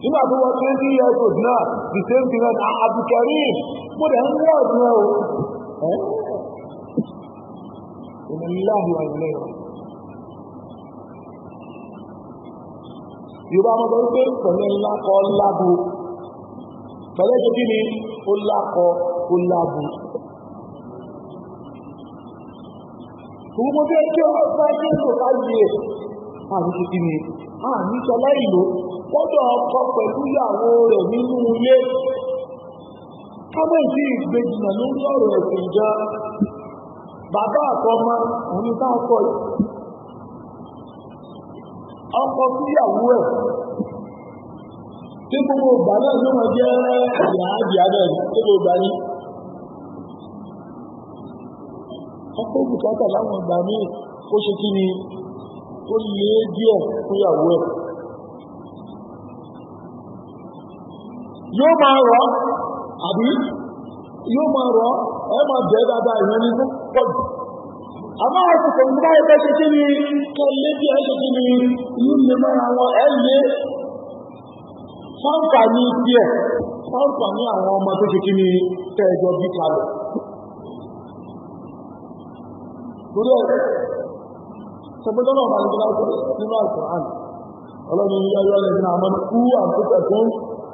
nígbà tó wọ twenty years old náà the same thing as abdulkareem mo dẹ̀ ń wọ̀ ọ̀dùn ẹ̀ o. ìmọ̀láhùn àìlẹ́ rẹ̀. yorùbá ọmọ sọ wípé pẹ̀lẹ́ ńlá kọ lábo pẹ̀lẹ́ ṣe kí ni ó lákọ ó lábo. gbogbo bí ẹ kí ọmọ sáyé ń lò láyé àti ṣe kí ni àní sọ láì lò kọ́dọ̀ ọkọ pẹ̀lú ìyàwó rẹ̀ nínú ilé kábẹ́ẹ̀sì ìgbèjìnà lórí ọ̀rọ̀ ẹ̀sìn jẹ́ bàbá àtọmọ òun ní táwọn kọ yìí ọkọ síyàwó ẹ̀ tí gbogbo ìgbà náà ló máa jẹ́ ìyáàjì adẹ́ gbogbo ìgbà yìí ọkọ̀ òbúkátà láwọn ìgbà míì ó ṣe kí ni ó lé díẹ̀ fúyàwó ẹ̀ yóò máa rọ̀ àbí yóò máa rọ̀ ẹ máa bẹ̀ẹ́ dáadáa ìyẹn ní púpọ̀ jù àmọ́ àsìkò nígbà ẹgbẹ́ ṣe kí ni kẹ́lé bí ẹ ṣe kí ni yìí lè mọ́ra wọn ẹ lè fáǹfà ní tiẹ̀ fáǹfà ní àwọn ọmọ tó ṣe kí ni tẹ́ẹ̀jọ bí kalẹ̀ torí ẹ̀ sọgbọ́dọ́nà ọ̀bàlẹ̀ nínú àìsàn ọlọ́run yíyá yọ́ lẹ́yìn àwọn kú àkókò ẹ̀kọ́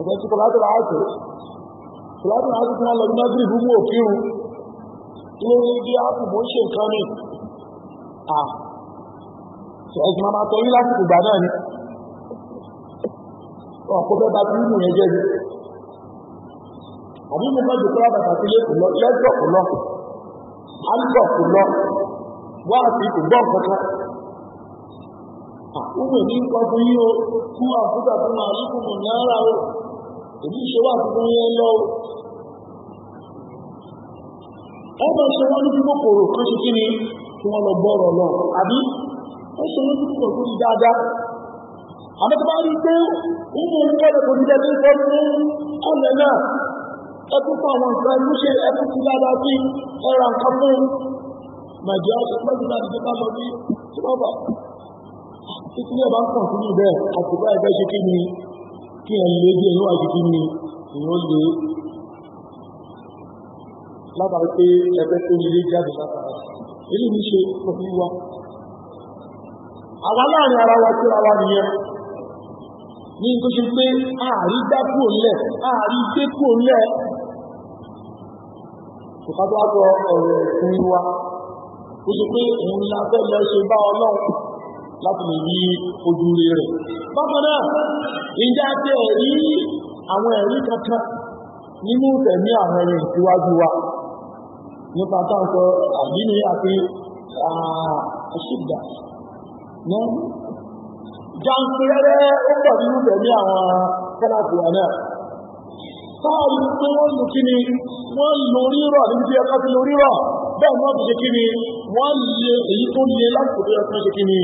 ọ̀sẹ̀ tí kọlá tó bá ṣe kọlá tó bá ṣe tí wọ́n lọ ní mẹ́tìrì fún òkírun tí ó ní bí áàpù mọ́ ṣe nǹkan ní à ẹ̀sùn máa tọ́ yí lásìkò ìgbà náà ni ọ̀pọ̀ fẹ́ bá ti mímú yẹn jẹ́ ni àbí mo fẹ́ dùkúrà bàtà sí ilé kò lọ lẹ́jọ́ kò lọ àńtọ̀ kò lọ wá àti kò gbọ́ nǹkan kan àwọn ènìyàn kan fún yí o fún àfúgbà fún àyíkùn náírà o èmi ṣe wà fún yẹn lọ ẹ bá ṣe wọ́n níbi kòkòrò kan ṣe kí ni kí wọ́n lọ gbọ́rọ̀ lọ àbí ó ṣe wọ́n níbi kòkòrò tó dáadáa àmọ́ tó bá rí pé nínú ẹ̀rọ kò ní tẹ́lẹ̀ tó ní ọ̀nà náà ẹ tún fún àwọn nǹkan ló ẹ tún fi dáadáa sí ẹ̀rọ nǹkan fún nàìjíríà tó pẹ́jù láti dé bá lọ sí tí títí ní ọba ń pọ̀ sí ní ibẹ̀ àtìgbà ẹgbẹ́ ṣe kí ni kí ẹ lé bí ẹ̀yọ́ àjíjí ni èyàn lè látàrí pé ẹgbẹ́ tó nílé jáde látàrí èyí ní ṣe pẹ̀lú wa àwa láàrin ara wa tí ara nìyẹn ní tó ṣe pé ààrí dá kúrò ńlẹ̀ ààrí gbé kúrò ńlẹ̀ kò ká tó wá sọ ọ̀rọ̀ ẹ̀sìn wa ó ṣe pé òun la fẹ́ lọ ṣe bá ọlọ́run láti lè rí ojú rí rẹ̀. Bákan náà, ìjá tẹ́ rí àwọn ẹ̀rí kankan nínú tẹ̀mí àwọn ẹ̀rìn ìtíwájú wa nípa táǹkọ àdínì àti àṣìgbà náà. Jàǹkìrẹ́rẹ́ ó pọ̀ nínú tẹ̀mí àwọn tẹ́lápù wa náà. Táàrí tó wọ́n lò kí ni wọ́n lò rírọ̀ níbi tí ẹ̀kọ́ ti lò rírọ̀ bẹ́ẹ̀ wọ́n ti ṣe kí ni wọ́n lè èyí tó lè láti kò tó ẹ̀kọ́ ṣe kí ni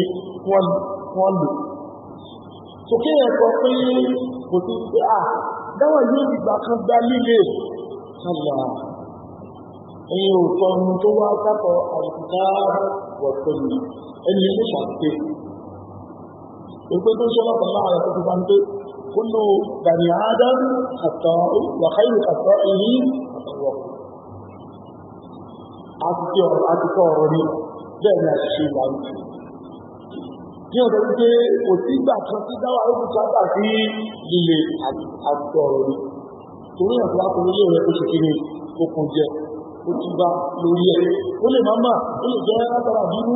wọ́n lò so kí ẹ̀ sọ pé kò sí pé à dáwà yóò dìgbà kan dá líle ṣàlà ẹ̀yìn òsọ ohun tó wá sápọ̀ àìsíká wọ̀tọ̀ yìí ẹni yóò ṣàtúnṣe èpè tó ń ṣe ọlọ́pàá láàárọ̀ tó ti bá ń pé kúlù bani adam àtọ̀ wàhálì àtọ̀ èyí àtọ̀wọ̀ àti ọ̀rọ̀ ní bẹ́ẹ̀ ni àṣìṣe ìlànà ní ọ̀dọ̀ wípé kò sí ìgbà kan tí dáwà ó bùkátà sí líle àtọ̀rọ̀ ni torí ẹ̀fọ́ akọ̀wélé rẹ̀ ó ṣe kí ni okùn jẹ ó ti bá lórí ẹ̀ ó lè má mà ó lè jẹ́ látara bínú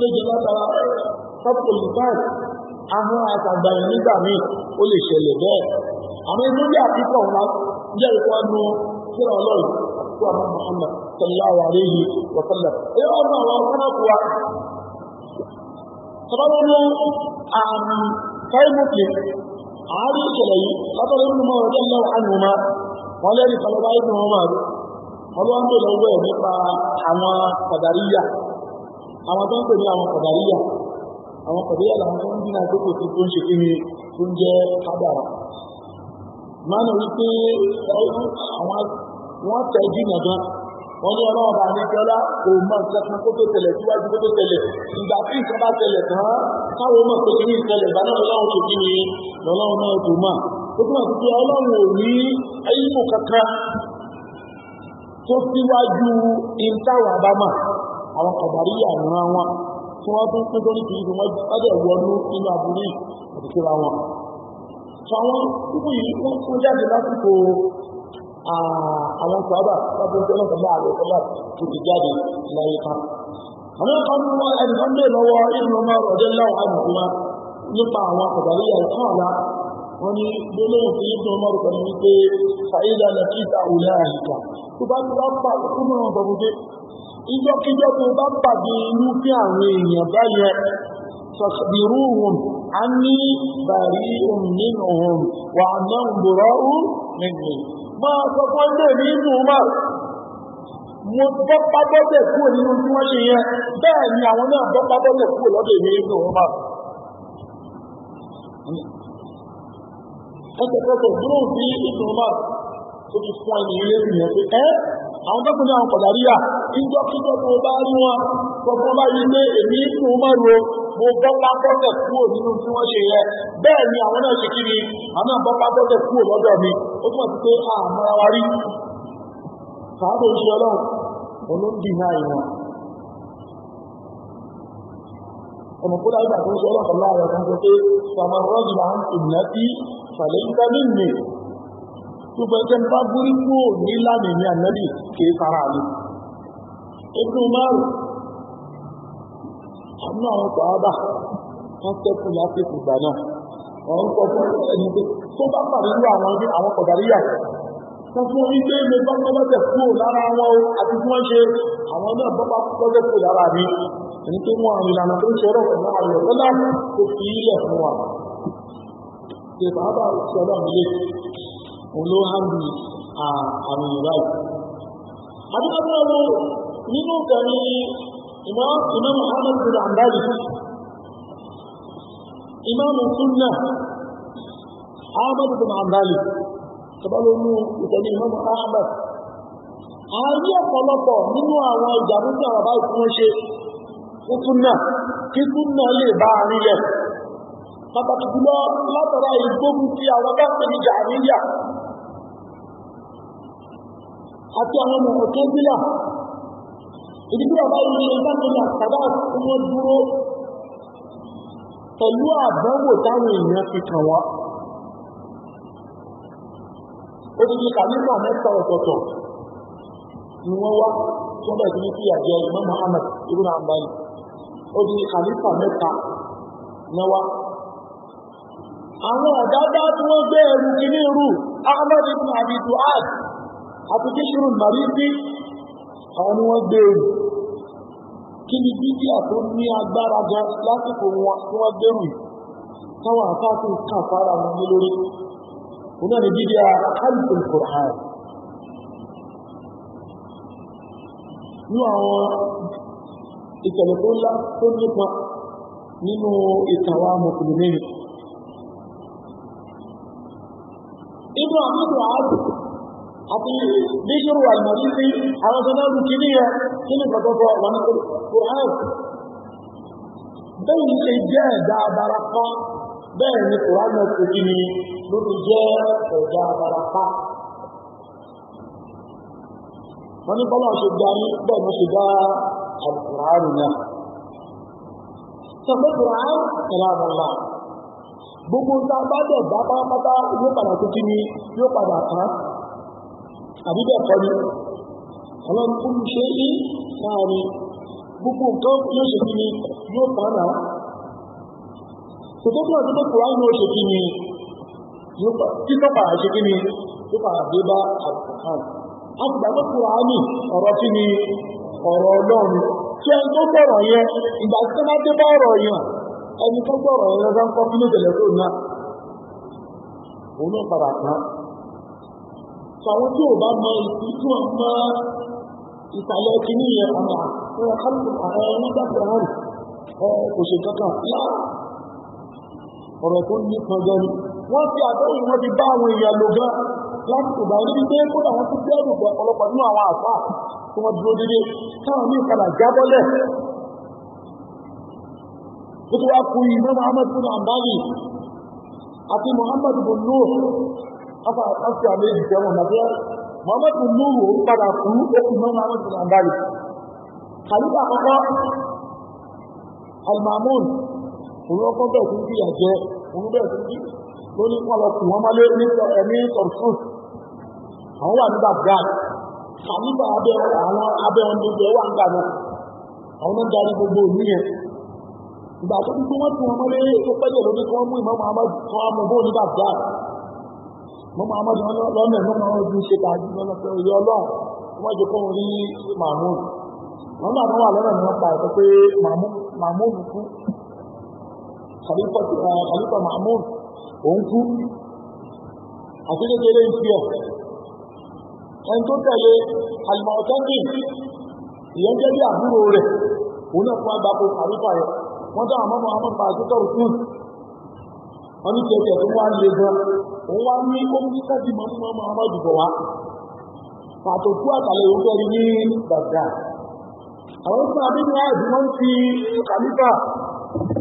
lè jẹ́ látara pọ́pùlù báyìí ahọ́n àtàgbà ẹ̀ nígbà míì ó lè ṣẹlẹ̀ bẹ́ẹ̀ àwọn inú bí àkíkọ̀ wọn jẹ́ ìfọ́ nu síra ọlọ́run tó àwọn Muhammad sallallahu alayhi wa sallam ẹ ọ̀nà àwọn ọ̀kọ́nàkùwa sababanu kai muslim a hari kelayi labar ibn umar radiyallahu anhu ma wọ́n lẹ́rìí falọ́bá ibn umar wọ́n lọ́n tó lọ́wọ́ ẹ̀ nípa àwọn kọ̀dàríyà àwọn tó ń pè ní àwọn kọ̀dàríyà àwọn kọ̀dàríyà làwọn tó ń dínà tó kò sí tó ń ṣe kí ni tó ń jẹ́ kádàrà máa ń rí pé gan wọ́n ní ọlọ́run bá níjọ́lá kò mọ nǹkan kan kó tó tẹ̀lẹ̀ síwájú kó tó tẹ̀lẹ̀ ìgbà tí nǹkan bá tẹ̀lẹ̀ tán káwọn ọmọ tó ti ní ìtẹ̀lẹ̀ bá náà lọ́wọ́ tó kí ni lọ́lọ́run náà tó mọ̀ ó túmọ̀ sí pé ọlọ́run ò ní kankan tó síwájú àwọn wọn tí wọ́n tún pín àwọn sábà sábà ń tẹ́lẹ̀ sọ́mọ́ àlọ́ sọ́mọ́ tó ti jáde láyé kan. àwọn kan ní wọn ẹnì kan lè lọ́wọ́ ìlú ọmọ ọ̀dẹ́ láwọn àdùnkù wa nípa àwọn àkàdàrí àìsàn àlá wọn ní gbólóhùn sí ìlú ọmọ ọ̀dẹ́ ní pé fàyídà lè kí òun náà àyíká tó bá ti bá pa òkú náà sọ fún ìjọkíjọ tó bá pàdé irú bí àwọn èèyàn báyẹn fàkbìrúhùn á ní bàrí òun nínú òun wà nínú máa sọ fún ilé mi inú mà mo bọ́pá bọ́tẹ̀ kúrò nínú tí wọ́n ṣe yẹn bẹ́ẹ̀ ni àwọn náà bọ́pá bọ́tẹ̀ kúrò lọ́dọ̀ mi inú mà ẹsẹ̀kẹsẹ̀ dúró sí inú mà ó ti fún ẹni ilé ìyẹn pé ẹ́ àwọn tọ́kùn náà kọ̀dàríyà ìjọ kíjọ́ tó bá rí wọn gbogbo bá yí èmi inú mà ro mo bọ́pá bọ́tẹ̀ kúrò nínú tí wọ́n ṣe yẹ bẹ́ẹ̀ ni àwọn náà ṣe kí ni àwọn náà bọ́pá bọ́tẹ̀ kúrò lọ́dọ̀ mi ó túmọ̀ sí pé àmọ́ra wa rí sàádé iṣẹ́ ọlọ́run olóńdì náà ìwọ̀n ọmọ kó dájú àti iṣẹ́ ọlọ́run pẹ̀lú ààrẹ kan sọ pé samarọ́jì máa ń tìmọ̀ sí fàlẹ́ńtà nínú gbogbo ẹgbẹ́ bá gúrí kúrò nílànà ìní ànẹ́bì kìí fara àlè. Ibn Umar àmì àwọn sàábà wọ́n tẹ́kù lásìkò ìgbà náà wọ́n ń sọ fún ẹni pé tó bá pàdé ní àwọn ilé àwọn kọ̀dáríyà sọ fún ilé ilé bá tọ́ bẹ́tẹ̀ kúrò lára wọn o àti tí wọ́n ṣe àwọn náà bọ́ bá tọ́jọ́ kúrò lára mi ẹni tó mú àwọn ìlànà tó ń ṣe ọlọ́pàá náà ayọ̀ lọ́lá tó fi ilẹ̀ fún wa. ṣe bàbá ṣe ọlọ́run lé òun ló hàn mí àmì ìráyè. àbúkọ́ nínú kẹrin إمام إمام أحمد بن عمال إمام السنة أحمد بن عمال طبعا لأنه يتعني إمام أحمد ààrí ọ̀pọ̀lọpọ̀ nínú àwọn ìjàmúta àbá ìfún ṣe fúnfúnnà kíkúnnà lè bá àríyẹ pàtàkì jùlọ látara ìgbógun ti àwọn gáàsì ìjà àríyà àti àwọn mọ̀kọ̀ tó bílà ibi tí ọba yìí ṣe sáfẹ́lì àtàbà tí wọ́n dúró pẹ̀lú àdánwò táwọn èèyàn fi kàn wá ó ti di kàlífà mẹ́ta ọ̀tọ̀ọ̀tọ̀ ni wọ́n wá tí wọ́n bẹ̀rẹ̀ sí ní kí àjẹ Imam Muhammad ibn Hanbali ó di kàlífà mẹ́ta náwá àwọn àdádá tí wọ́n gbé ẹrù kìíní rú ibn Abi àti Bishrul Marisi àwọn ni wọ́n gbé èrù kí ni bíbíà tó ní agbára gan lásìkò wọn tí wọ́n gbé èrù táwọn àfáàkù kà fara wọn ní lórí òun náà ni bíbíà alìkò kòrán ní àwọn ìṣẹ̀lẹ̀ tó ńlá tó nípa nínú ìtàwà mùsùlùmí Ibn Abdul Aziz àti bíṣírù àgbàdìsí àwọn sọ́dọ́rù kì ní ẹ kí ní kọ̀kọ́kọ́ wọn kò kùrán bẹ́ẹ̀ ṣe jẹ́ ẹ̀dá abarapá bẹ́ẹ̀ ni kùrán náà kò kí ni ló fi jẹ́ ẹ̀dá abarapá wọ́n ní bọ́lá ṣe dá ní bẹ́ẹ̀ ni ṣe dá alkùrán náà sọ̀pọ̀ kùrán kẹlàmọ́lá gbogbo ta bá dẹ̀ dá pátápátá yóò padà kò kí ni yóò padà tán àbí bẹ́ẹ̀ kọ́ ni ọlọ́run kúrú ṣe é láàrin gbogbo nǹkan yóò ṣe kí ni yóò pààrà kò tó kúrò àdúgbò kúrò àwọn yóò ṣe kí ni títọ́ pààrà ṣe kí ni yóò pààrà dé bá àkùkàn a ti gbàgbọ́ kúrò àmì ọ̀rọ̀ kí ni ọ̀rọ̀ ọlọ́run tí ẹni tó gbọ̀rọ̀ yẹn ìgbà tí wọ́n dé bá ọ̀rọ̀ yẹn ẹni tó gbọ̀rọ̀ yẹn lọ́sàn-án kọ́ kí ló tẹ̀lé tó náà òun náà padà kan àwọn tí ò bá mọ ìsìn tí wọ́n mọ ìsàlẹ̀ kìíní yẹn àmà wọn yà kálù ààrẹ nígbà tí a rìn ẹ kò ṣe kankan yá ọ̀rọ̀ tó ní kan gan ni wọ́n fi àtẹ́yìn wọn ti bá àwọn èèyàn lò gan láti kò bá rí pé kódà wọn ti bẹ́ẹ̀ lògbà ọ̀pọ̀lọpọ̀ nínú àwọn àfà tí wọ́n dúró dédé táwọn míì padà jábọ́lẹ̀ tó ti wá ku ìmọ̀ Muhammad bin Ambali àti Muhammad bin Nuh ọba àkọsí àmì ìjìjẹ wọn nàbẹ Muhammad Nuhu ń padà kú okùn mọ Muhammad nàbàlì kàlífà àkọ́kọ́ Al-Ma'mun òun ọkọ bẹ́ẹ̀ tó ń fi àjẹ òun bẹ́ẹ̀ tó ń fi ló ní kọlọ kù wọn máa lé ní ẹmí tọfù àwọn wà nígbà gbáà kàlífà abẹ àwọn abẹ wọn tó jẹ wà nígbà náà àwọn náà darí gbogbo òní yẹn ìgbà tó ń gbé wọn tún wọn máa lé tó pẹ́ mo máa mọ́jọ lọ́nà ló máa ojú ṣe tàbí lọ́nà pé oyè ọlọ́run wọ́n jẹ kó rí mahmoud wọ́n náà wọ́n wà lọ́nà ní wọ́n pa ẹ̀kọ́ pé mahmoud kú kàlífà eh, mahmoud òun kú àti kékeré ń fi ọ̀ ẹni tó tẹ̀lé alimọ̀tẹ́kì ìyẹn jẹ́ bí àbúrò rẹ̀ òun náà fún agbáko kàlífà yẹn wọ́n dáhùn mọ́ wọn ní kẹ̀kẹ́ tó wá lé gan òun wá ní ó ní kájí mọ́ fún ọmọ ọmọ ìdìbò wa pàtó kú àtàlẹ́ òun fẹ́ẹ́ ní bàgà àwọn tó máa nínú àìsí wọn fi kàlífà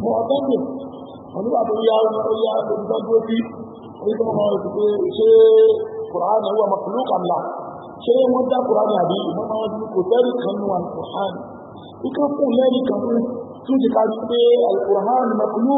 mọ ọtọ́jú wọn nígbà tó yá ó yá olùkọ́ dúró sí oníkọ́ ọmọ ìdìbò ṣé kùránì wà mọ̀kúlù kàmlà ṣé wọ́n dá kùránì àbí ìmọ̀ máa ń kò fẹ́ẹ́ kan nù àlùkùránì ikán fún lẹ́yìn kan fún tún ká ní pé àlùkùránì mọ̀kúlù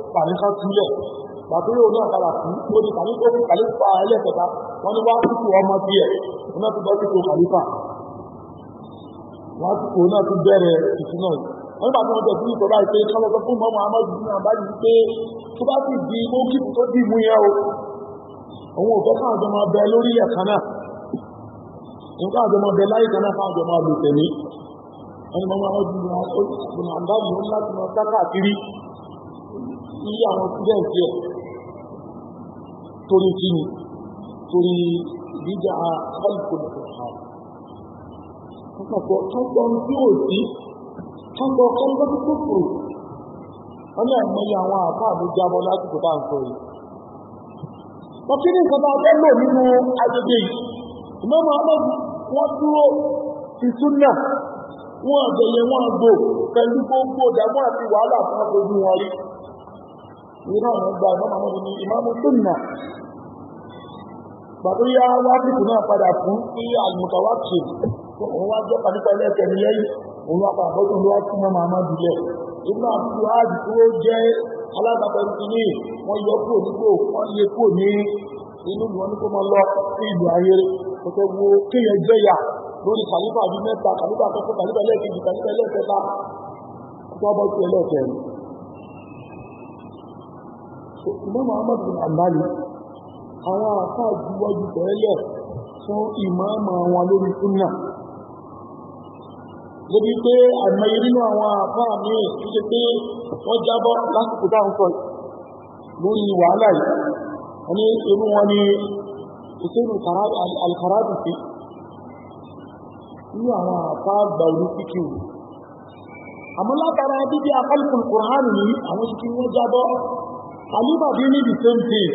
tàbí kan túlẹ̀ bàtí yóò náà padà kú ó di tàbí tó kú kàlífà ẹlẹ́kẹta wọ́n ní wá kúkú ọmọ sí ẹ̀ wọ́n náà ti bọ́ kúkú kàlífà wọ́n kúkú náà ti bẹ̀rẹ̀ ìṣúná yìí wọ́n nígbà tí wọ́n jẹ́ sílùú tọ́lá ìpè kí wọ́n sọ fún mọ́mọ́ amadu ní àbájú pé tó bá sì di ó kí tó dì mú yẹn o òun ò fẹ́ káwọn máa bẹ lórí ẹ̀ kan náà nǹkan àjọmọ bẹ láyé kan náà káwọn jọ máa lò tẹ̀lé wọ́n ní mọ́mọ́ amadu ní àbájú ní láti máa káàkiri ihe àwọn students yẹ torí kí ni torí ìdíjà kọ́lùkùn ọ̀pọ̀ tọ́pọ̀ tí ó sí tọ́pọ̀ kọ́lùkùn kòkòrò wọ́n ní àìmọye àwọn àpá àbújábọ́ lásìkò bá ń sọ yìí wọ́n kí ní ìjọba abẹ́lò nínú mmemme ìmọ̀ Muhammad wọ́n dúró ìsúnà wọ́n àgbẹ̀yẹ wọ́n àgbò pẹ̀lú gbogbo àti wàhálà fún wọn rí irú ọ̀nà ìgbà ìmọ̀mọ̀ ọmọdé ni ìmọ̀mọ̀ tó nà pàtó yá wákìtì náà padà fún sí àlùmọ̀tàwákì òun wá jọ́ pàdé pẹ̀lú ní lẹ́yìn òun wá padà bọ́jú ló wá sí mọ́ màmá dùlẹ̀ Imam Ahmad bin Ambali àwọn àfáà juwájú tẹ́lẹ̀ fún ìmáàmà wọn lórí súnnà lóbi pé àmọye nínú àwọn àfáà ní ṣe pé wọ́n jábọ́ lásìkò dáhùn sọ lórí wàhálà yìí wọ́n ní irú wọn ni ìṣẹ́lù alkarabi fi nínú àwọn àfáà gbà orí síkìú àmọ́ látara bíbí akálùkùn kùránì ní àwọn ìṣẹ́lù wọn jábọ́ Khalifa dey need the same thing.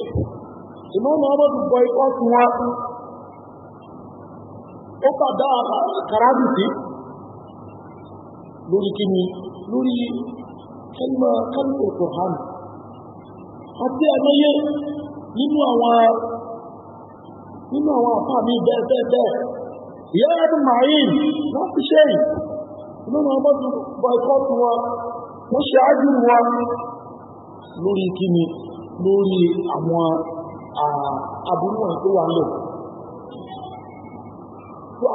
Imam Muhammad boycott wọn. Ó kàdá kàràbìtì lórí kíni lórí kẹ́lìmọ̀ kẹ́lìmọ̀ Kùrán. Àti àmọ́yé nínú àwọn nínú àwọn àfáà mi bẹ́ẹ̀ bẹ́ẹ̀ bẹ́ẹ̀. Ìyá ẹ̀dùn Màáyìn láti ṣe Imam Muhammad boycott Wọ́n ṣe ájú lórí kíni lórí àwọn àbúrú wọn tó wà ń lò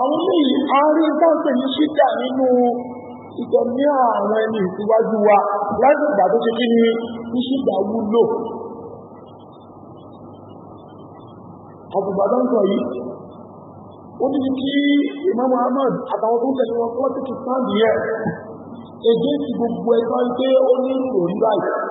àwọn eléyìí a rí dáńtẹ̀ ní ṣídà nínú ìtọ́ní àwọn ẹni ìsíwájú wa láti ìgbà tó ṣe kí ni ìṣídà wúlò ọ̀pọ̀gbà sọ yìí ó ti kí Imam Ahmad àtàwọn tó ń tẹ̀lé wọn kọ́ ti kì sáàdì yẹ èdè ti gbogbo ẹ̀tọ́ pé ó ní ìròyìn báyìí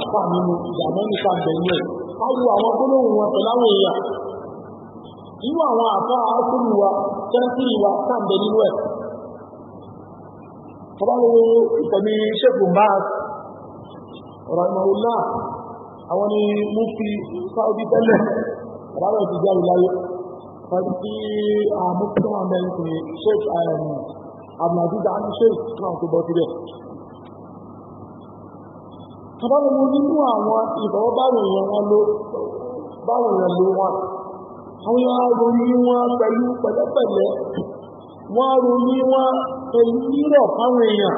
àpá nínú ìdàmẹ́ríkà bẹ̀rẹ̀ á lu àwọn gbólóhùn wọn pẹ̀lú àwọn èèyàn irú àwọn àpá ákúrú wa tẹ́ńtìrì wa sáǹdẹ̀ nínú ẹ̀ tọ́bá wo ìtẹ̀mí ṣẹ́gun bá rahimahullah àwọn ni mufti Saudi tẹ́lẹ̀ àbára ti jẹ́ ìláyé pẹ̀lú tí àmúkúrò àmẹ́rin ṣe àbùnàdíjà ní ṣe náà tó bọ́ sílẹ̀ ṣùgbọ́n mo nínú àwọn ìbọ̀wọ́ báwọn èèyàn wọn ló báwọn èèyàn ló wọn àwọn aroní wọn pẹ̀lú pẹ̀lẹ́pẹ̀lẹ́ wọ́n aroní wọn pẹ̀lú rírọ̀ fáwọn èèyàn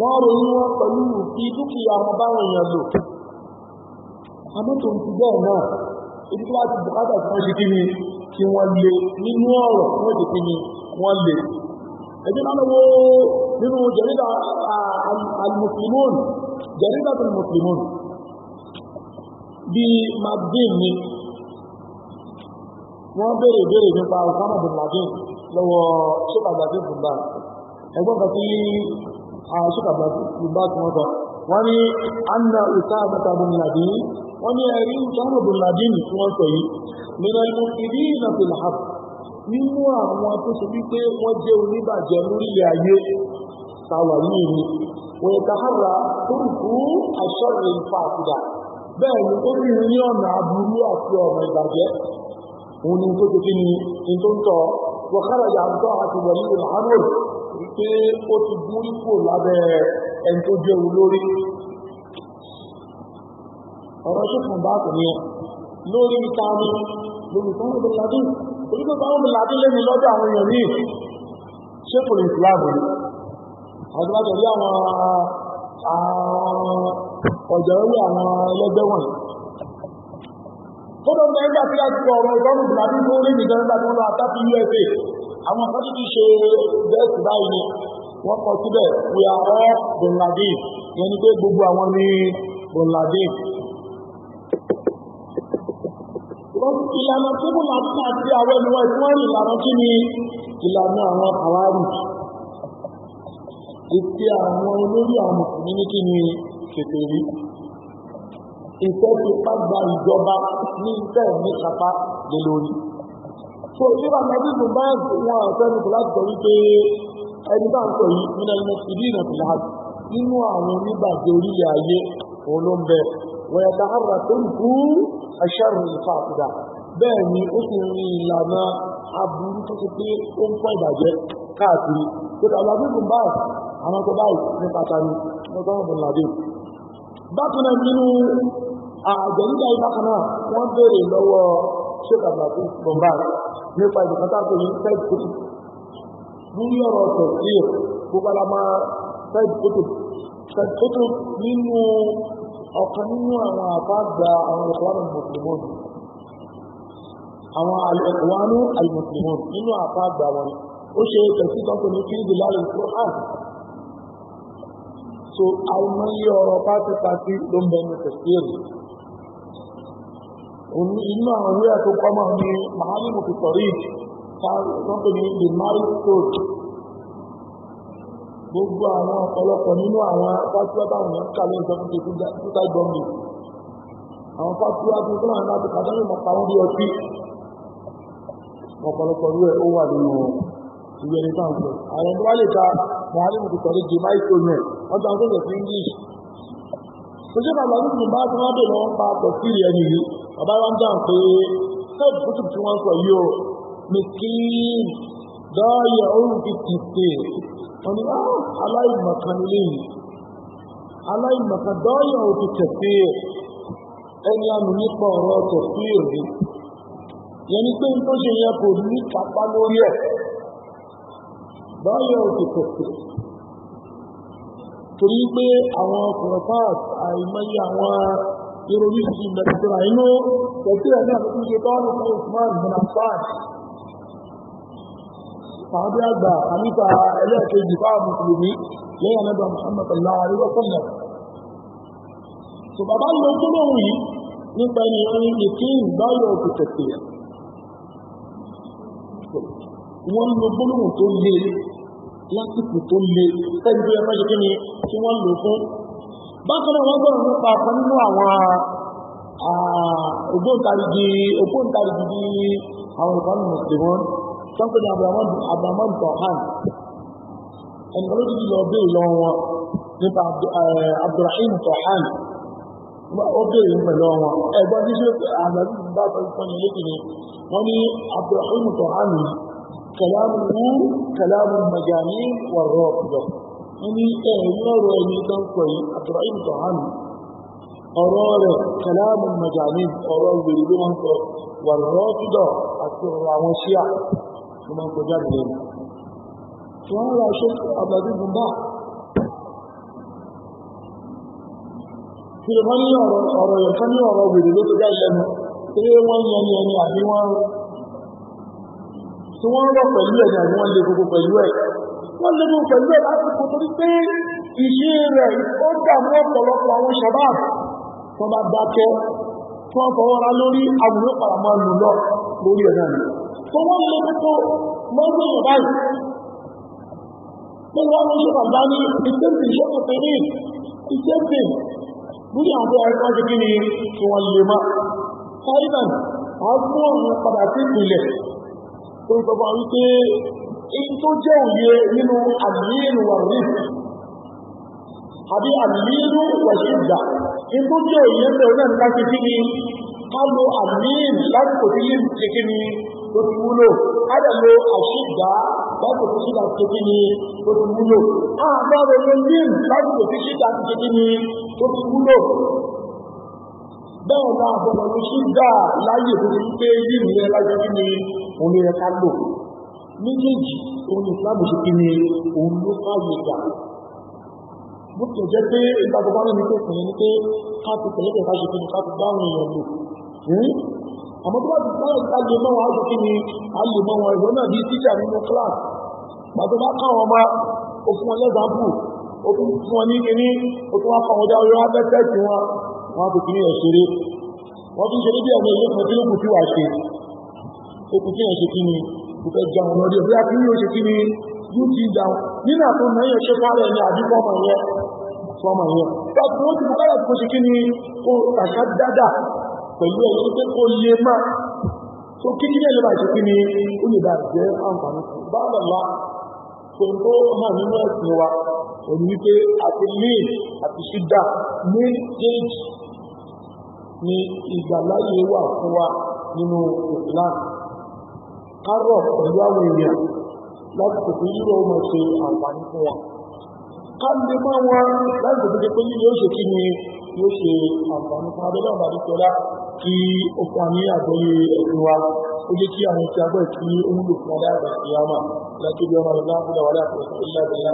wọ́n aroní wọn pẹ̀lú fi dúkìá wọn báwọn èèyàn lò àmọ́ tó ń ti bẹ́ẹ̀ náà ibi tí wọ́n ti bùkátà tí wọ́n di ni kí wọ́n lè nínú ọ̀rọ̀ wọ́n di ni wọ́n lè ẹ̀jẹ̀ náà lọ́wọ́ nínú jẹ̀rídà Jaridatul Muslimun bí Magdin ni wọ́n béèrè béèrè nípa Osama bin Laden lọ́wọ́ ṣíkàgbàdé bùnbà ẹgbọ́n kan tí ṣíkàgbàdé bùnbà tí wọ́n sọ wọ́n ní anna Usama bin Laden wọ́n ní ẹ̀rí Osama bin Laden tí wọ́n sọ yìí minal mufsidina fil ard nínú àwọn tó ṣe wípé wọ́n jẹ́ oníbàjẹ́ lórílẹ̀ ayé tàwà ní ìlú wòyẹ̀tàhárà kúrùkú àṣọ́rẹ̀ ìfàkùdà bẹ́ẹ̀ ni ó rí ní ọ̀nà àbúrú àti ọ̀nà ìbàjẹ́ òun ni tó ti kí ni tó ń tọ́ wọ̀káràjà ń tọ́ àti wọ̀lú ìlànàmọ́lù wípé ó ti gúrí kò lábẹ́ ẹni tó jẹ́ olórí ọ̀rọ̀ ṣùkùn bá kò ní lórí ìta ni lórí ìta ọmọdé ládùn orí tó bá ọmọdé ládùn lẹ́nu lọ́dọ̀ àwọn èèyàn ní ṣé kò lè ìsìláàmù àti rí àwọn ọ̀jà orí àwọn ẹlẹ́gbẹ́ wọ̀nyí. Fọ́dọ̀ ní ẹgbà tí a ti sọ ọ̀rọ̀ ìgbọ́nù ìgbà tí ó rí nìkan nígbà tí wọ́n lọ àtàkì USA. Àwọn kan ti ṣe bẹ́ẹ̀sì báyìí ni wọ́n kọ síbẹ̀ we are all bin Laden. Ìyẹn ni pé gbogbo àwọn ní bin Laden. Ìlànà tí mo làbí àti àwọn ẹni wọ́n rí ìlànà kí ni ìlànà àwọn àwárí ìpé àwọn olórí àwọn mùsùlùmí ní kí ni ṣètò rí ìfẹ́ ti pá gba ìjọba ní ìfẹ́ ní kápá lé lórí so ìjọba nàbí ìlú bá wọn àfẹ́ ní kò láti sọ wípé ẹni bá ń sọ yìí nínú ẹni mọ́sí bí ìrìnàjò láti nínú àwọn oníbàjẹ́ orílẹ̀ ayé òun ló ń bẹ wọ̀nyẹ̀ ta hàrà tó ń kú aṣáàrùn ìfà àkùdà bẹ́ẹ̀ ni ó sì ń rin ìlànà aburú tó ti pé ó ń fọ́ ìbàjẹ́ káàkiri. Gbogbo àwọn tó báyìí ní pàtàkì ọgọ́rùn ún làdé bákan náà nínú àjẹ̀yíjà ìbákan náà wọ́n béèrè lọ́wọ́ sheikh abdulhatu bomba nípa ìdùkátà tó yí fẹ́ẹ̀dì kùtù lórí ọ̀rọ̀ ọ̀tọ̀ sí ẹ̀ gbogbo alama fẹ́ẹ̀dì kùtù fẹ́ẹ̀dì kùtù nínú ọ̀kan nínú àwọn àbágbà àwọn ìkọ̀wánù mùsùlùmọ́nù àwọn ìkọ̀wánù àìmùsùlùmọ́nù nínú àbágbà wọn ó ṣe tẹ̀sí tọ́kùnrin fíìdì láàrin so àìmọye ọ̀rọ̀ pátípátí ló ń bẹnu tẹ̀síìrì inú àwọn ìwé ẹ̀kọ́ kọ́mọ̀ ní mahadi mufitọ́rí tọ́pẹ̀ ní the marriage code gbogbo àwọn ọ̀pọ̀lọpọ̀ nínú àwọn fásitì àbáwọn yẹn kàlẹ́ ìjọba tuntun títà gbọ́mì àwọn fásitì àti ìjọba àwọn láti kàtà ní mọ̀pá wọn bí ọtí ọ̀pọ̀lọpọ̀ rú ẹ̀ ó wà nínú ìwé ẹni táwọn sọ àwọn ìjọba lè ka mahadi mufitọ́rí the marriage code wọ́n ta ọdún lẹ́sìn english ṣoṣẹ́ bàbá ní ìlú bá tí wọ́n dè lọ́wọ́ pa pọ̀ sí ilẹ̀ ẹni yìí bàbá wa ń dáhùn pé sẹ́ẹ̀dì kútù tí wọ́n sọ yìí o ní kí dọ́ọ̀yẹ̀ oòrùn fi ti pè wọ́n ní ah, aláìmọ̀kan nílé yìí aláìmọ̀kan dọ́ọ̀yẹ̀ oòrùn fi tẹ̀sí e. ẹni àmì nípa ọ̀rọ̀ tẹ̀sí èrè e yẹn ni pé tó ṣe yẹ kò ní kápá lórí ẹ̀ dọ́ọ̀yẹ̀ oòrùn fi tẹ̀sí e torí pé àwọn kòròfáàt àìmọye àwọn ìròyìn sí ìmẹ̀tìtìrà inú tẹ̀sílẹ̀ náà tó ṣe tọ́rọ fún Usman bin Affan fàábí àgbà àmìta ẹlẹ́ẹ̀kejì fáà mùsùlùmí lẹ́yìn anábà Muhammad sallallahu alaihi wa sallam so bàbá ló tó lóhùn yìí nípa ẹni ẹni ìkíyìn báyọ̀ òkú tẹ̀sílẹ̀ wọ́n lo gbólóhùn tó le lásìkò tó le sẹ́ni tí wọ́n lò fún bákan náà wọ́n gbọ́dọ̀ nípa kan nínú àwọn ògbóǹtarìgì ògbóǹtarìgì bí àwọn ìfọ́nù mùsùlùmí tọ́pẹ́ ní abrahamu tọ̀hán ẹnìkan ló ti lọ bẹ́ẹ̀ lọ wọn nípa abdulrahim tọ̀hán ó bẹ́ẹ̀ ń pẹ̀lú wọn ẹgbọ́n tí ṣe àgbàdì bá tọ́jú ní lékì ni wọ́n ní abdulrahim tọ̀hán kẹlàmù kẹlàmù mẹjàmí wọ̀rọ̀ ọ̀pọ̀lọpọ̀ wọ́n ní ẹ̀rí ọ̀rọ̀ ẹni tó ń pọ̀ yìí àtúrọ̀ìm tọ̀hánì ọ̀rọ̀ rẹ̀ kàlámù màjàní ọ̀rọ̀ wèrè ló wọ́n sọ wà rọ́ọ̀tìdọ̀ àti ọ̀rọ̀ àwọn ṣíà ló máa ń kọjá nìyẹn tí wọ́n ra ṣe àbàdí bùnbà tí wọ́n ní ní ọ̀rọ̀ wèrè ló kọjá ìlẹ́nu tí wọ́n yan ni ẹni àbí wọ́n rọ̀ pẹ̀lú ẹ̀ wọ́n lè mú pẹ̀lú ẹ̀ lásìkò tó ní pé ìṣe rẹ̀ ó dàmú ọ̀pọ̀lọpọ̀ àwọn shabab tó bá dákẹ́ tó wọ́n fọwọ́ra lórí àwùjọ paramọ́ lù lọ lórí ẹ̀ náà tó wọ́n lè mú tó mọ́tò yẹn báyìí tó wọ́n ṣe bàbá ní ìtẹ́sì iṣẹ́ tó tẹ̀lé ìtẹ́sì lórí àwọn ẹ̀rọ ṣe kí ni tí wọ́n lè má sáyidàn àwọn tó wọ́n padà sí ìpìlẹ̀ tó ń sọ fún wa wípé in tó jẹ́ òye nínú àmìlínú wà ní àbí àmìlínú wà sí ìjà in tó jẹ́ òye ń bẹ̀rẹ̀ náà láti kí ni ká lo àmìlín láti kò sí yìí ṣe kí ni tó ti wúlò á dẹ̀ lo àṣìjà láti kò sí ìjà ṣe kí ni tó ti wúlò á gbọ́dọ̀ lo yìn láti kò sí ìjà ṣe kí ni tó ti wúlò bẹ́ẹ̀ náà gbọ́dọ̀ lo ṣíjà láyè tó ti pé yìí nìyẹn láti kí ni òun ni ká lò méjèèjì òun ni islam ṣe kí ni òun ló fàyè gbà bó ti jẹ́ pé ìgbà tó bá rẹ̀ ní pé kùnrin ní pé ká ti tẹ̀lé tẹ̀ká ṣe kí ni ká ti dáhùn èèyàn lò hm? àmọ́ tó bá ti sáré ká lè mọ́ wọn á ṣe kí ni a lè mọ́ wọn ìwọ náà bí tíjà nínú class pàtó bá káwọn ọmọ òfin ọlẹ́gbàbù òfin fún wọn ní kíní òfin wọn fọwọ́dá orí wọn fẹ́ tẹ́sí wọn wọn fi kíní ẹ̀ ṣeré wọ́n fi ṣeré bí ọmọ ìlú kan tí ó kù tí wàá ṣe ó kù tí ẹ̀ ṣe kíní kò fẹ́ jẹun lọ́dí ẹ̀ bóyá kí ní ó ṣe kí ni yóò ti dáun nínú àtúnmọ̀ yẹn ṣe fárẹ̀ ní àdúgbọ́mọ̀ yẹn fọmọ yẹn tọ́pù ó ti bú káyà kó ṣe kí ni ó àṣà dáadáa pẹ̀lú ẹ̀ tó kó lè má tó kí kí lẹ́lẹ́bà ṣe kí ni ó lè bá jẹ́ àǹfààní báàlọ́lá tó ń tó hàn nínú ẹ̀sìn wa òní wípé àti lè àti ṣídà méjèèjì ni ìgbàláyé wà fún wa nínú ìsìláàmù kárọ̀ pẹ̀lú àwọn èèyàn láti tètè yíyọ ọmọ ṣe àǹfààní fún wa ká lè má wọn láti tètè pé yíyọ ṣe kí ni yóò ṣe àǹfààní fún abẹ́lẹ́ ọ̀nà àdìsọ́lá kí ó fún àmì àgbẹ̀yẹ ẹ̀sìn wa ó jẹ́ kí àwọn ti agbẹ́ tí ó ń lò fún ọdá àgbà sí àmà láti bí ọmọ ìlànà fún àwọn àpẹẹsẹ ilẹ̀ ìlànà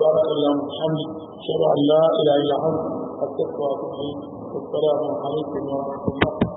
bára ìlànà hàmì ṣọ́rọ̀ àlá ìlànà hàmì àti ẹ̀kọ́ àti ìlànà ìpẹ́lẹ̀ àwọn àmì ìpínlẹ̀